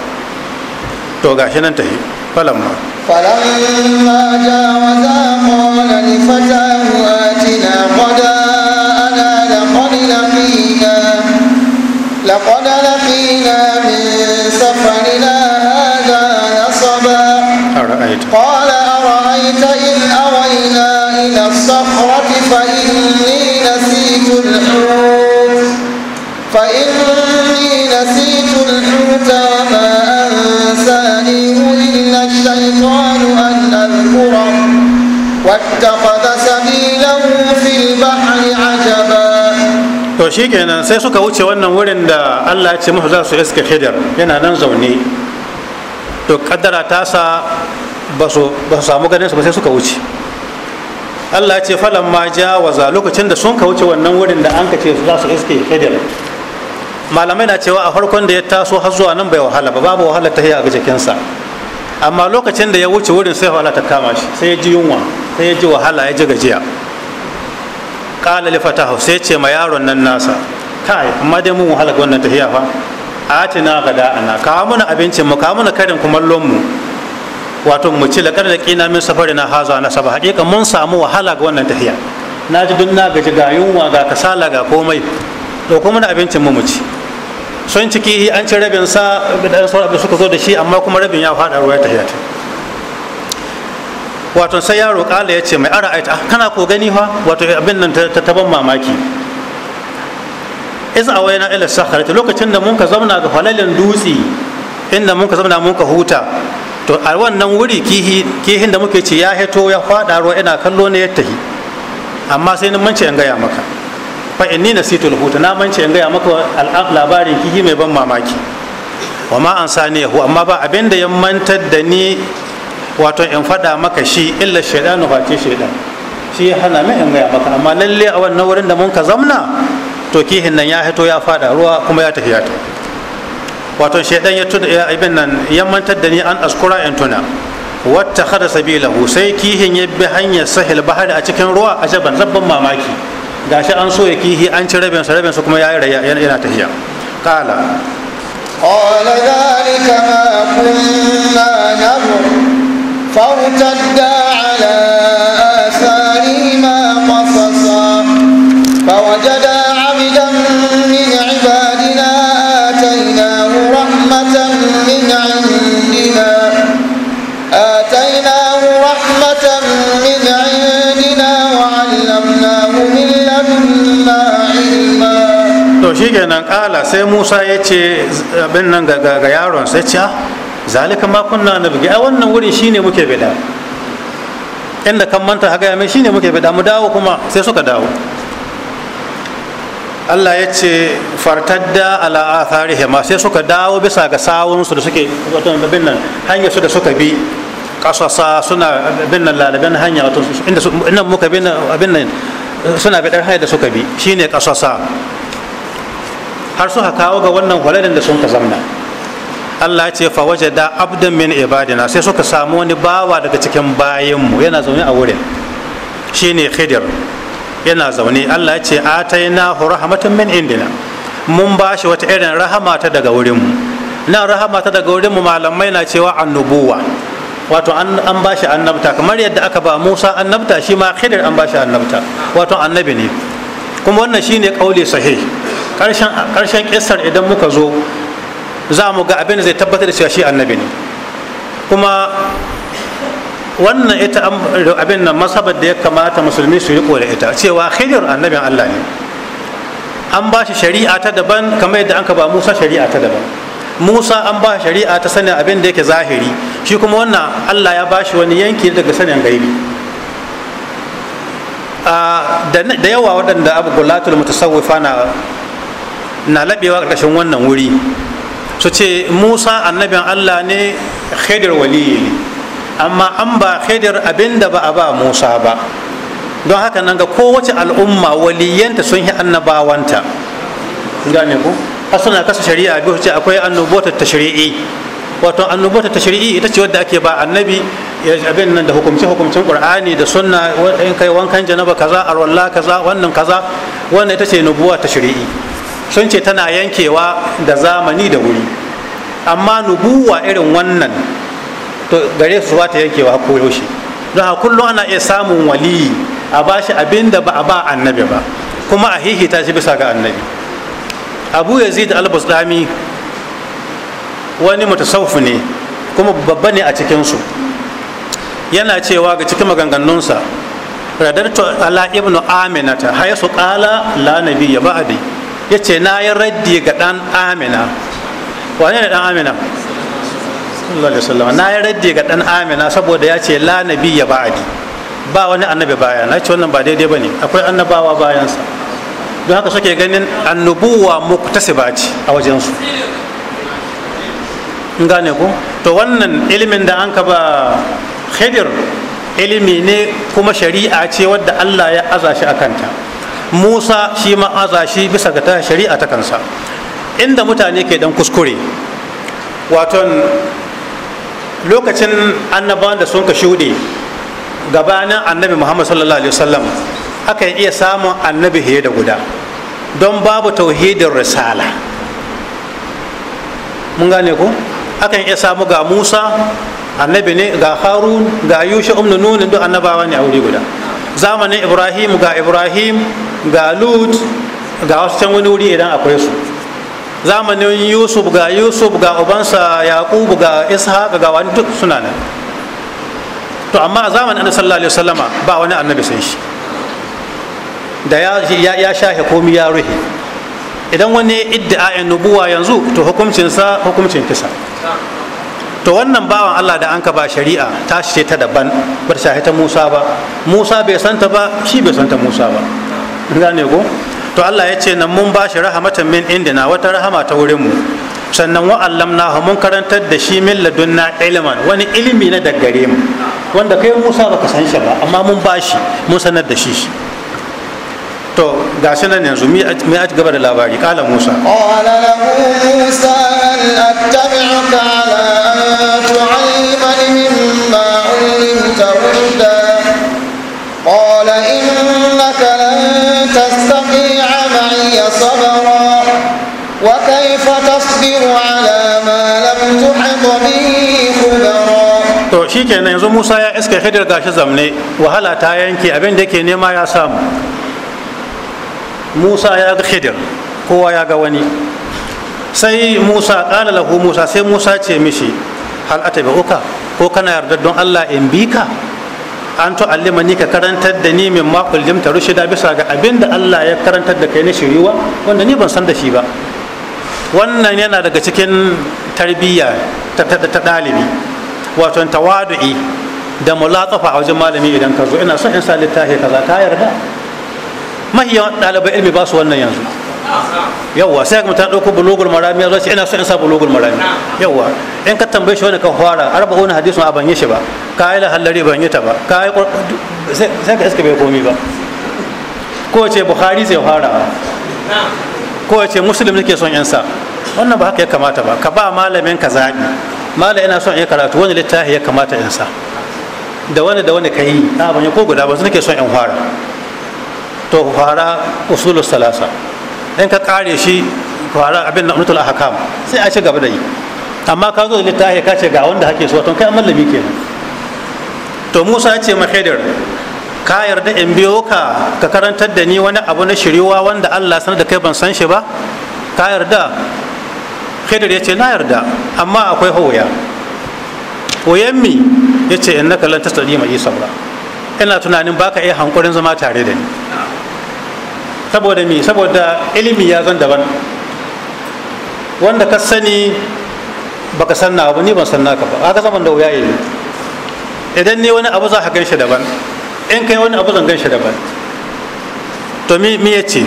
to gashi nan tahi فلما فلما جاوزا قال لفتاه آتنا قد أنا لقد لقينا لقد لقينا من سفرنا هذا نصبا أرأيت قال أرأيت إن أوينا إلى الصخرة فإني نسيت الحوت فإني نسيت الحوت واتخذ سبيله في البحر عجبا to shikenan sai suka wuce wannan wurin da Allah ya ce musu za su iska Khidir yana nan zaune to kaddara ta sa ba su samu ganin su ba sai suka wuce Allah ya ce falan ma ja waza lokacin da sun ka wuce wannan wurin da an ka ce su za su iske Khidir malamai na cewa a farkon da ya taso har zuwa nan bai wahala ba babu wahala ta a ga jikinsa amma lokacin da ya wuce wurin sai wahala ta kama shi sai ya ji yunwa sai ya ji wahala ya ji gajiya ƙala hau sai ce ma yaron nan nasa kai amma dai mun wahala wannan tafiya fa atina gada ana kawo mana abincin mu kawo mana karin kumallon mu wato mu ci laƙar da ƙina min safari na haza na saba haƙiƙa mun samu wahala ga wannan tafiya na ji duk na gaji ga yunwa ga kasala ga komai to kuma na abincin mu mu ci sun ciki an ci rabin sa da sauran abin suka zo da shi amma kuma rabin ya faɗa ruwa tafiya ta wato sai yaro kala ya ce mai ara aita ah, kana ko gani fa wato abin nan ta taban mamaki iz na ila to lokacin da mun ka zauna ga halalin dutse inda mun ka zauna mun ka huta to a wannan wuri kihi kihin da muke ce ya heto ya fada ruwa ina kallo ne ya tahi amma sai ni mance an gaya maka fa inni nasitul huta na mance an gaya maka labarin kihi mai ban mamaki wa ma an hu? amma ba abin da ya mantar da ni wato in faɗa maka shi illa shaidanu face shaidan shi ya hana in gaya maka amma lalle a wannan wurin da mun ka zamna to kihin nan ya hito ya faɗa ruwa kuma ya tafi ya tafi wato shaidan ya tuna ya ibin nan ya mantar da ni an askura in tuna wata kada sabilahu sai kihin ya bi hanyar sahil bahari a cikin ruwa a jaban zabban mamaki gashi an so ya kihi an ci rabin sa rabin kuma ya yi yana tafiya قال قال ذلك ما كنا نبغي فارتدا على آثارهما قصصا فوجدا عبدا من عبادنا آتيناه رحمة من عندنا آتيناه رحمة من عندنا وعلمناه من لدنا علما to shikenan kala sai Musa ya ce abin nan ga yaron sai ce zalika ma kunna nabgi a wannan wurin shine muke bida inda kan manta haka ya mai shine muke bida mu dawo kuma sai suka dawo Allah ya ce fartadda ala ma sai suka dawo bisa ga su da suke wato babin nan hanya su da suka bi kasasa suna bin nan laliban hanya wato inda inda muka bin abin nan suna bidar hanyar da suka bi shine kasasa har ha kawo ga wannan kwalalin da sun ka zamna Allah ce fa waje da abdun min ibadina sai suka samu wani bawa daga cikin bayinmu yana zaune a wurin Shi ne khidir yana zaune Allah ce a ta yi ataina rahmatan min indina mun ba shi wata irin rahama ta daga wurinmu na rahama ta daga wurinmu malamai na cewa annubuwa wato an ba shi annabta kamar yadda aka ba Musa annabta shi ma khidir an ba shi annabta wato annabi ne kuma wannan ne kauli sahih ƙarshen karshen idan muka zo za mu ga abin da zai tabbatar da cewa shi annabi ne kuma wannan ita abin nan masabar da ya kamata musulmi su yi da ita cewa khidir annabi Allah ne an ba shi shari'a ta daban kamar yadda an ka ba Musa shari'a ta daban Musa an ba shari'a ta sanin abin da yake zahiri shi kuma wannan Allah ya ba shi wani yanki daga sanin gaibi da yawa waɗanda abu gulatul mutasawwifa na laɓewa ƙarƙashin wannan wuri su ce musa annabin allah ne khidr waliyi ne amma an ba khidr abinda ba a ba musa ba don haka nan ga kowace al'umma waliyyanta sun yi annabawanta gane ku Asana kasa shari'a biyu ce akwai annubotar tashri'i wato ta tashri'i ita ce wadda ake ba annabi abin nan da hukumce hukumcin qur'ani da sunna in kai wankan janaba kaza arwalla kaza wannan kaza wannan ita ce nubuwa tashri'i sun ce tana yankewa da zamani da wuri amma nubuwa irin wannan to gare su ba ta yankewa ko yaushe don haka kullum ana iya samun waliyi a bashi abin da ba a ba annabi ba kuma a hihita shi bisa ga annabi abu yazid al-bustami wani mutasawuf ne kuma babba ne a cikinsu yana cewa ga cikin maganganunsa radartu ala ibnu aminata haisu qala la nabiyya ba'di ya ce na yi raddi ga ɗan amina wane ne ɗan amina na yi raddi ga ɗan amina saboda ya ce la nabi ya ba'adi ba wani annabi baya na ce wannan ba daidai ba ne akwai annabawa bayansa don haka suke ganin annubuwa muktasiba ce a wajensu in gane ku to wannan ilimin da an ka ba khidir ilimi ne kuma shari'a ce wadda allah ya aza shi a kanta musa shi ma aza shi bisa ga ta shari'a ta kansa inda mutane ke dan kuskure waton lokacin annabawan da sun ka shuɗe gabanin annabi muhammad sallallahu alaihi wasallam aka iya samun annabi fiye da guda don babu tauhidin risala mun gane ku akan iya samu ga musa annabi ne ga harun ga yusha umnu nunin duk annabawa ne a wuri guda zamanin ibrahim ga ibrahim ga lut ga wasu can wani wuri idan akwai su zamanin yusuf ga yusuf ga ubansa Yakubu ga ishaq ga wani duk suna nan to amma a zamanin annabi sallallahu alaihi wasallama ba wani annabi sai shi da ya ya shahe komi ya ruhe idan wani ya nubuwa yanzu to hukuncinsa hukuncin kisa to wannan bawan Allah da anka ba shari'a ta ce ta daban bar shahe ta Musa ba Musa bai santa ba shi bai santa Musa ba gane ko to Allah ya ce nan mun bashi rahamatan min indina wata rahama ta wurin mu sannan hu mun karantar da shi min ladunna ilman wani ilimi na daggare mu wanda kai Musa baka san shi ba amma mun bashi mun sanar da shi to ga shi nan yanzu mi a gaba da labari kala Musa qala Musa attabi'uka ala tu'allimani mimma qala innaka معي صبرا وكيف تصبر على ما لم تحط به خبرا to shikenan yanzu Musa ya iska hidir gashi zamne wahala ta yanke abin da yake nema ya samu Musa ya ga hidir kowa ya ga wani sai Musa qala lahu Musa sai Musa ce mishi hal atabi uka ko kana yarda don Allah in bika an to allima ni ka karantar da ni min makul jimta rushida bisa ga abin da Allah ya karantar da kai na shiriwa wanda ni ban san da shi ba wannan yana daga cikin tarbiyya ta ɗalibi wato tawadu'i da mulatsafa a wajen malami idan ka zo ina son in sa littafi kaza ta yarda mahiyan ɗalibai ilmi ba su wannan yanzu yawwa sai ga mutum ɗauko bulugul marami ya zo ina so in sa bulugul marami yawwa in ka tambaye shi wani ka fara arba wani hadisi ma ban yi shi ba ka yi lahallari ban yi ta ba ka yi sai ka iska bai komi ba ko ce buhari zai fara ko ce muslim nake son in sa wannan ba haka ya kamata ba ka ba malamin ka zaɓi malamin ina son in karatu wani littafi ya kamata in sa da wani da wani ka a ban yi ko guda ba su nake son in fara to fara usulul salasa in ka kare shi kwara abin na unutul ahkam sai a ci gaba da yi amma ka zo da littafi ka ce ga wanda hake so to kai mallami kenan to Musa ya ce ma ka yarda in biyo ka ka karantar da ni wani abu na shiriwa wanda Allah sanar da kai ban san shi ba ka yarda Khidir ya ce na yarda amma akwai hoya hoyan mi ya ce in na kallon ma isa sabra ina tunanin baka iya hankurin zama tare da ni saboda mi saboda ilimi ya zan daban wanda ka sani baka san na abu ni ban san naka ba haka zaman da wuya yi idan ne wani abu za ka gan shi daban in kai wani abu zan gan shi daban to mi mi yace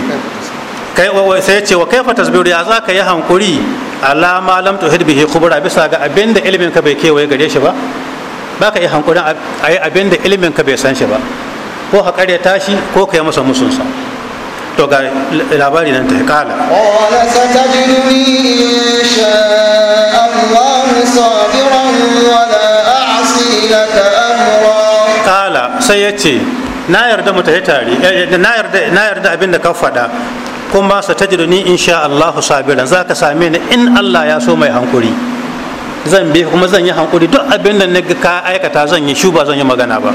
kai sai yace wa kaifa tasbiru ya za ka yi hankuri ala ma lam tuhid bihi khubra bisa ga abinda ilimin ka bai kewaye gare shi ba ba ka yi hankurin a yi abin da ilimin ka bai san shi ba ko haƙar ya tashi ko ka yi masa musunsa to labari nan ta kala kala sai yace na yarda mu tafi tare na yarda abin da ka faɗa kuma in insha Allah sabiran zaka same ni in Allah ya so mai hankuri zan bi kuma zan yi hankuri duk abin da ga ka aikata zan yi ba zan yi magana ba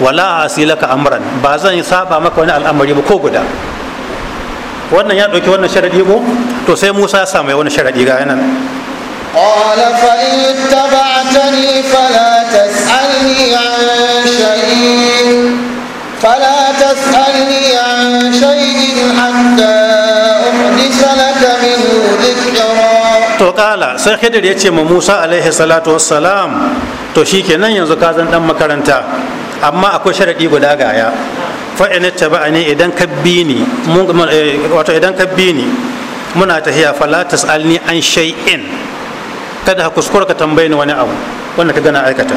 wala asilaka amran ba zan saba maka wani al'amari ba ko guda wannan ya ɗauki wannan sharaɗi ko to sai musa ya samu wani sharaɗi ga yanan قال فإن اتبعتني فلا تسألني عن شيء فلا تسألني عن شيء حتى أحدث لك منه ذكرا sai khidir ya ce ma musa alaihi salatu wassalam to shikenan yanzu ka zan dan makaranta amma akwai sharadi guda gaya fa'in taba'ani idan ka bi ni eh, wato idan ka bi ni muna tahiya fala tasalni an shay'in kada ka kuskura ka tambaye ni wani abu wanda ka gana aikata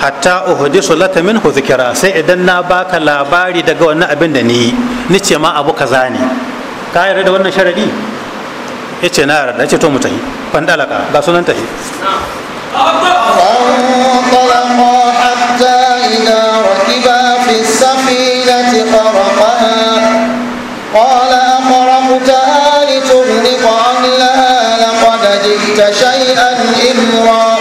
hatta uhdisu min minhu dhikra sai idan na baka labari daga wannan abin da ni ni ce ma abu kaza ne ka yarda da wannan sharadi yace na yarda yace to mu tahi fandalaka ga sunan tahi فانطلقا حتى إذا ركبا في السفينة السلسلة خرقها قال أخرقتها لتغرق أهلها لقد جئت شيئا إمرا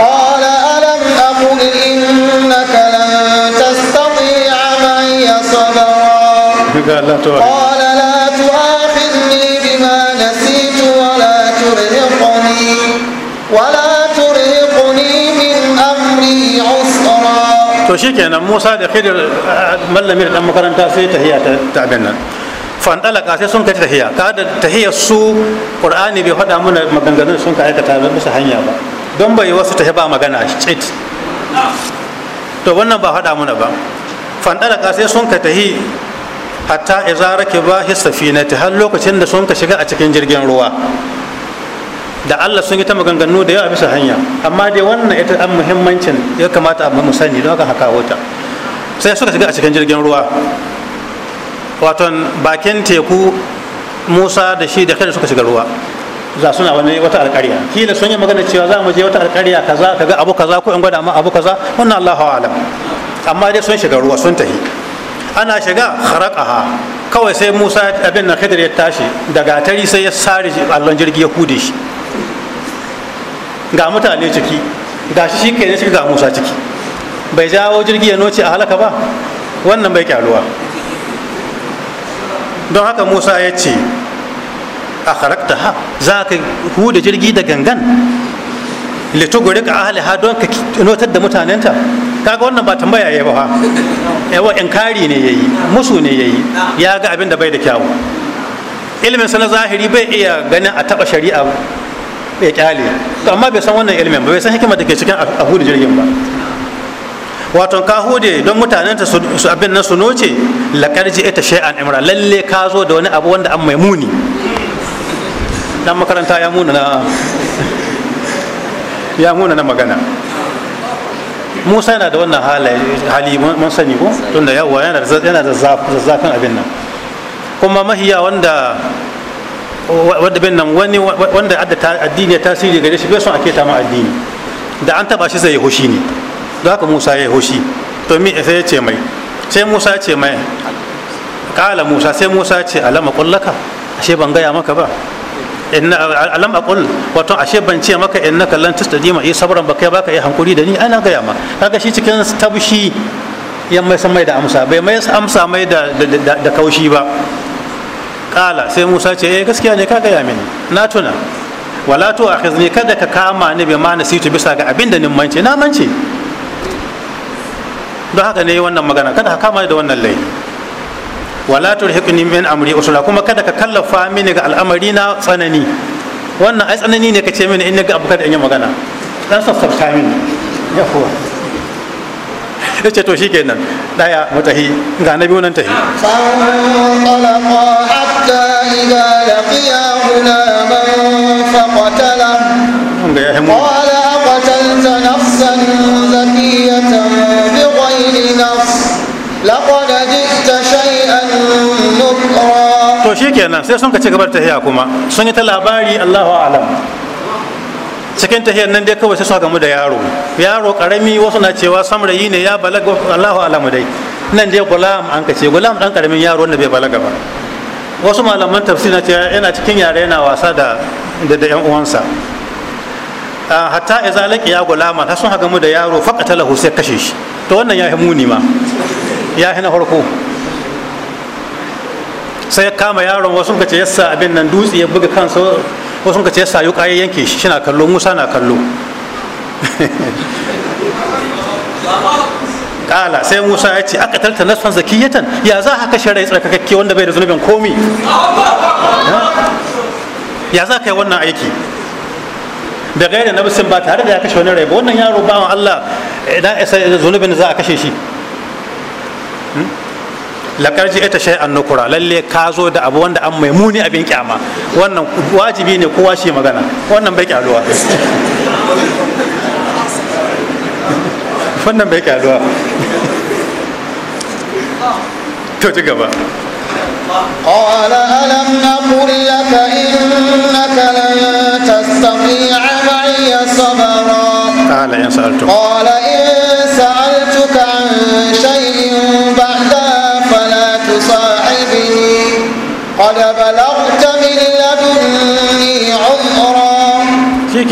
قال ألم أقل إنك لن تستطيع معي صبرا قال لا تؤاخذني بما نسيت ولا ترهقني ولا ترهقني من أمري عسرا to shikenan musa da khidir eh, mallamir dan makaranta sai tahiya ta abin nan dalaka sai sun kai tahiya da tahiyar su qur'ani bai faɗa mana maganganun sun ka aikata ba bisa hanya ba don bai wasu tahi ba magana shit to wannan ba faɗa mana ba dalaka sai sun ka tahi hatta izaraki ba hisafinati har lokacin da sun ka shiga a cikin jirgin ruwa da Allah sun yi ta maganganu da yawa bisa hanya amma dai wannan ita an muhimmancin ya kamata amma mu sani don haka haka wata sai suka shiga a cikin jirgin ruwa waton bakin teku Musa da shi da kada suka shiga ruwa za suna wani wata alƙarya kila sun yi magana cewa za mu je wata alƙarya kaza kaga abu kaza ko in gwada ma abu kaza wannan Allahu alam amma dai sun shiga ruwa sun tafi, ana shiga kharaqaha kawai sai Musa abin nan Khidir ya tashi daga tari sai ya sare allon jirgi ya kude shi ga mutane ciki ga shi ke ne ciki ga musa ciki bai jawo jirgi ya noce a halaka ba wannan bai kyaluwa don haka musa ya ce a harakta ha za ka huda jirgi da gangan litogori ka ahali ha don ka notar da mutanenta kaga wannan ba tambaya ya ba yawa inkari ne yayi musu ne yayi ya ga abin da bai da kyawu ilimin sa zahiri bai iya ganin a taba shari'a ya kyale to amma bai san wannan ilimin ba bai san hikimar da ke cikin a hudu jirgin ba wato ka hude don mutanen ta su abin nan su noce laqad ita shay'an imra lalle ka zo da wani abu wanda an mai muni dan makaranta ya muna na ya muna na magana musa yana da wannan hali mun sani ko tunda yawa yana da zazzafin abin nan kuma mahiya wanda wadda bin nan wani wanda adda addini ya tasiri gare shi bai son ake ta ma addini da an taba shi zai hoshi ne da haka musa ya hoshi to me sai ya ce mai sai musa ya ce mai kala musa sai musa ya ce alama kullaka ashe ban gaya maka ba inna alam aqul wato ashe ban ce maka innaka lan tastadima yi sabran ba kai baka yi hankuri da ni ana gaya ma kaga shi cikin tabushi ya mai san mai da amsa bai mai amsa mai da da kaushi ba kala sai musa ce eh gaskiya ne ka gaya mini na tuna wala tu akhizni kada ka kama ni bi ma situ bisa ga abin da nin mance na mance don haka ne wannan magana kada ka kama da wannan laifi wala hikni min amri usula kuma kada ka kallafa mini ga al'amari na tsanani wannan ai tsanani ne ka ce mini in ga abu da in yi magana dan sassafta mini yakuwa ya ce to shikenan daya mu tahi ga na biyu nan tahi فانطلقا to shikenan sai sun ka ci gabar tahiya kuma sun yi ta labari Allahu a'lam cikin tahiyar nan dai kawai sai suka gamu da yaro yaro karami wasu na cewa samrayi ne ya balaga Allahu alamu dai nan dai gulam an kace gulam dan karamin yaro wanda bai balaga ba wasu malaman tafsiri na cewa yana cikin yare yana wasa da da yan uwansa hatta idza ya gulam har sun gamu da yaro faqata lahu sai kashe shi to wannan ya muni ma ya hina farko sai kama yaron wasu kace yassa abin nan dutse ya buga kansa ko sun ka ce sayu kayan yanke shi na kallo musa na kallo kala sai musa ya ce aka talta nasfan zakiyatan ya za haka shari'a tsarkakakke wanda bai da zunubin komi ya za ka yi wannan aiki da gaira na bisin ba tare da ya kashe wani rai ba wannan yaro wa allah idan zunubin za a kashe shi hmm? laƙar ita shai nukura lalle ka zo da abu wanda an mai muni abin kyama wannan wajibi ne kowa shi magana wannan bai kyaluwa wannan bai kyaluwa to ci gaba قال ألم أقل لك إنك لن تستطيع معي صبرا قال إن سألتك قال إن سألتك عن شيء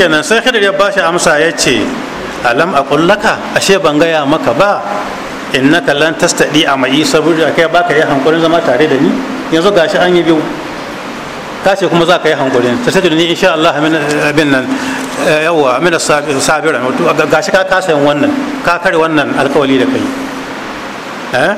shikenan sai khidir ya bashi amsa ya ce alam aqul laka ashe ban gaya maka ba innaka lan tastadi a mai saboda kai baka yi hankulin zama tare da ni yanzu gashi an yi biyu ka ce kuma za ka yi hankulin ta sai ni insha Allah min abin nan eh, yawa min sabir gashi ka kasa yin wannan ka kare wannan alkawali da kai eh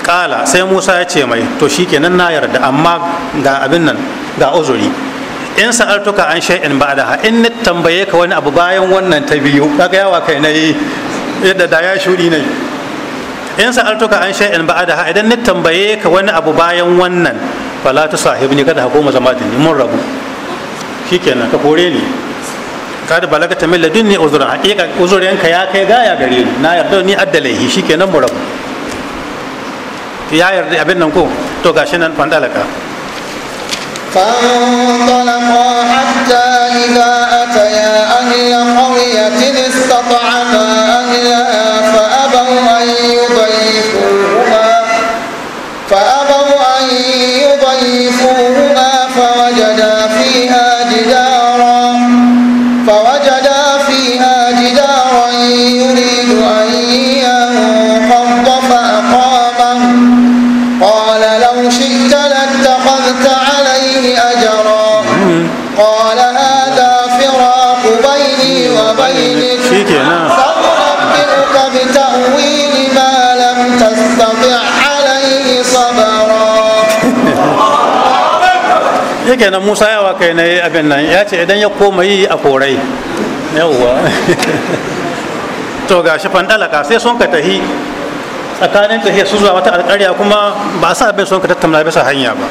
kala sai Musa ya ce mai to shikenan na yarda amma ga abin nan ga uzuri in sa'artuka an shay'in ha in ni tambaye ka wani abu bayan wannan ta biyu kaga yawa kai nayi yadda da ya shuri ne in sa'artuka an shay'in ha idan ni tambaye ka wani abu bayan wannan fala tu sahibni kada hakuma zama da mun rabu shikenan ka kore ni kada balagata min ladunni uzran haqiqa ka ya kai gaya gare ni na yarda ni shi shikenan mu rabu ya yarda abin nan ko to gashi nan fandalaka فانطلقا حتى إذا أتيا أهل قرية استطعما أهلها shi kenan musa yawa kai na abin nan ya ce idan ya koma yi a korai yawwa to ga shi fandalaka sai sun ka tahi tsakanin tahi su zuwa wata alƙarya kuma ba a sa abin sun ka tattauna bisa hanya ba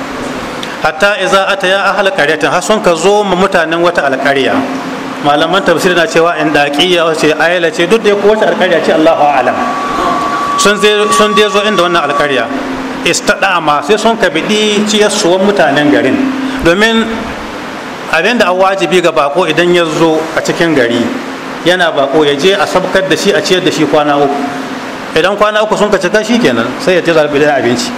hatta iza ata ya ahal qaryatin har sun ka zo ma mutanen wata alƙarya malaman tafsir na cewa in daqiya ce ayala ce duk da ko wata alƙarya ce Allahu a'lam sun sun dai zo inda wannan alƙarya ma sai sun ka bidi ciyarsuwan mutanen garin domin abin da an wajibi ga bako idan ya zo a cikin gari yana bako ya je a sabkar da shi a ciyar da shi kwana uku idan kwana uku sun ka cika shi kenan sai ya ce zalbi da abinci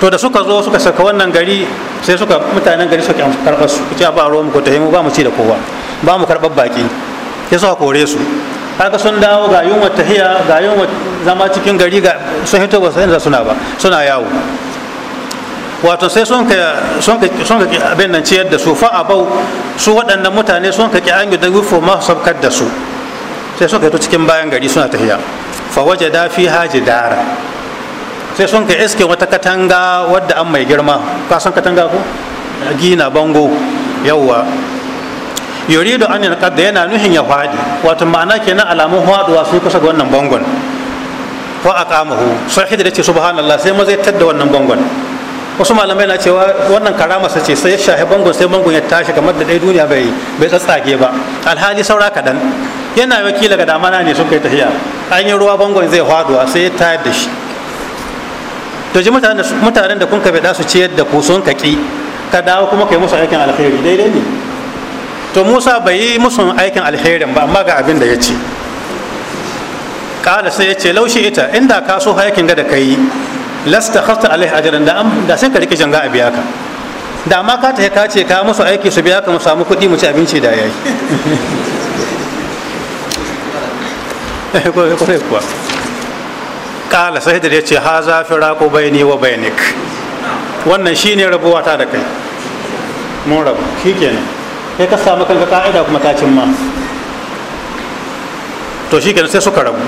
to da suka zo suka saka wannan gari sai suka mutanen gari suka karɓar su ce ba ruwan mu ko himu ba mu ci da kowa ba mu karɓar baki ya suka kore su kaga sun dawo ga yunwa tahiya ga yunwa zama cikin gari ga sun hito ba sai suna ba suna yawo wato sai sun ka abin nan ciyar da su fa abau su waɗannan mutane sun ka ki an yi da ma sabkar da su sai sun ka yi cikin bayan gari suna tafiya fa waje da fi haji dara sai sun ka iske wata katanga wadda an mai girma ka san katanga ko gina bango yawwa yurido an yanqadda yana nuhin ya fadi wato ma'ana kenan alamun faduwa sun kusa ga wannan bangon fa aqamahu sai hidda ce subhanallah sai mazaitar da wannan bangon wasu malamai na cewa wannan karama sa ce sai ya shahi bangon sai bangon ya tashi kamar da dai duniya bai bai tsatsage ba alhali saura kaɗan yana wakila ga damana ne sun kai tafiya an yi ruwa bangon zai faduwa sai ya tayar da shi to ji mutanen da kun bai da su ciyar da ku sun ƙi ka dawo kuma kai musu aikin alheri daidai ne to musa bai yi musu aikin alherin ba amma ga abin da ya ce kala sai ya ce laushi ita inda ka so haikin ga da ka yi lasta khasta alaihi ajran da da sai ka rike janga a biya ka da ma ka ta ka ce ka musu aiki su biya ka mu samu kuɗi mu ci abinci da yayi kwarai kala sai da ya ce ha za fi raƙo bayani wa bayanik wannan shine rabuwa ta da kai mun rabu kenan kai ka samu kanka ka'ida kuma ta cimma to shi kenan sai suka rabu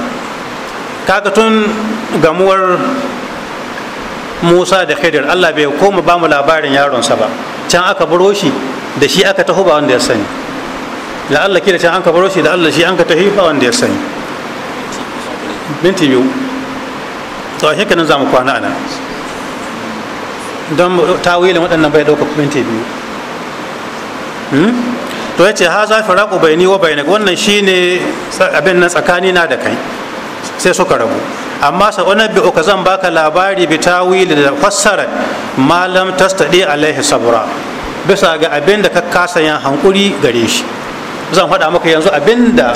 kaga tun gamuwar musa da khidir allah bai koma ba mu labarin yaronsa ba can aka buro shi da shi aka taho ba wanda ya sani da allah kila can an ka buro shi da allah shi an ka tahi ba wanda ya sani binti biyu to a shekanin za mu kwana ana don tawilin waɗannan bai ɗauka binti biyu hmm? to ya ce ha za fi raƙo bai ni wa bai wannan shi ne abin nan tsakani na da kai sai suka rabu amma sa wani bi uka zan baka labari bi tawili da fassara malam tastadi alaihi sabra bisa ga abin da ka kasa yin hankuri gare shi zan faɗa maka yanzu abin da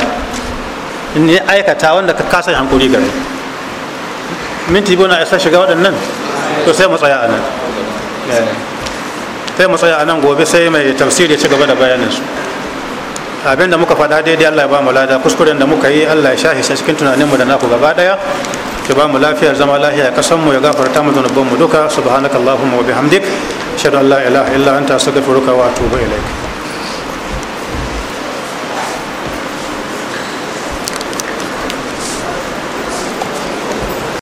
ni aikata wanda ka kasa yin hankuri gare minti biyu na isa shiga waɗannan to sai mu tsaya a nan eh. sai mu tsaya a nan gobe sai mai tafsiri ya ci gaba da bayanin su abin da muka faɗa daidai Allah ya ba mu lada kuskuren da muka yi Allah ya shahi sai cikin tunanin mu da naku gaba daya ya ba mu lafiyar zama lafiya kasan mu ya gafarta mu zanubban mu duka subhanakallahumma wa bihamdik ashhadu an la ilaha illa anta astaghfiruka wa atubu ilaik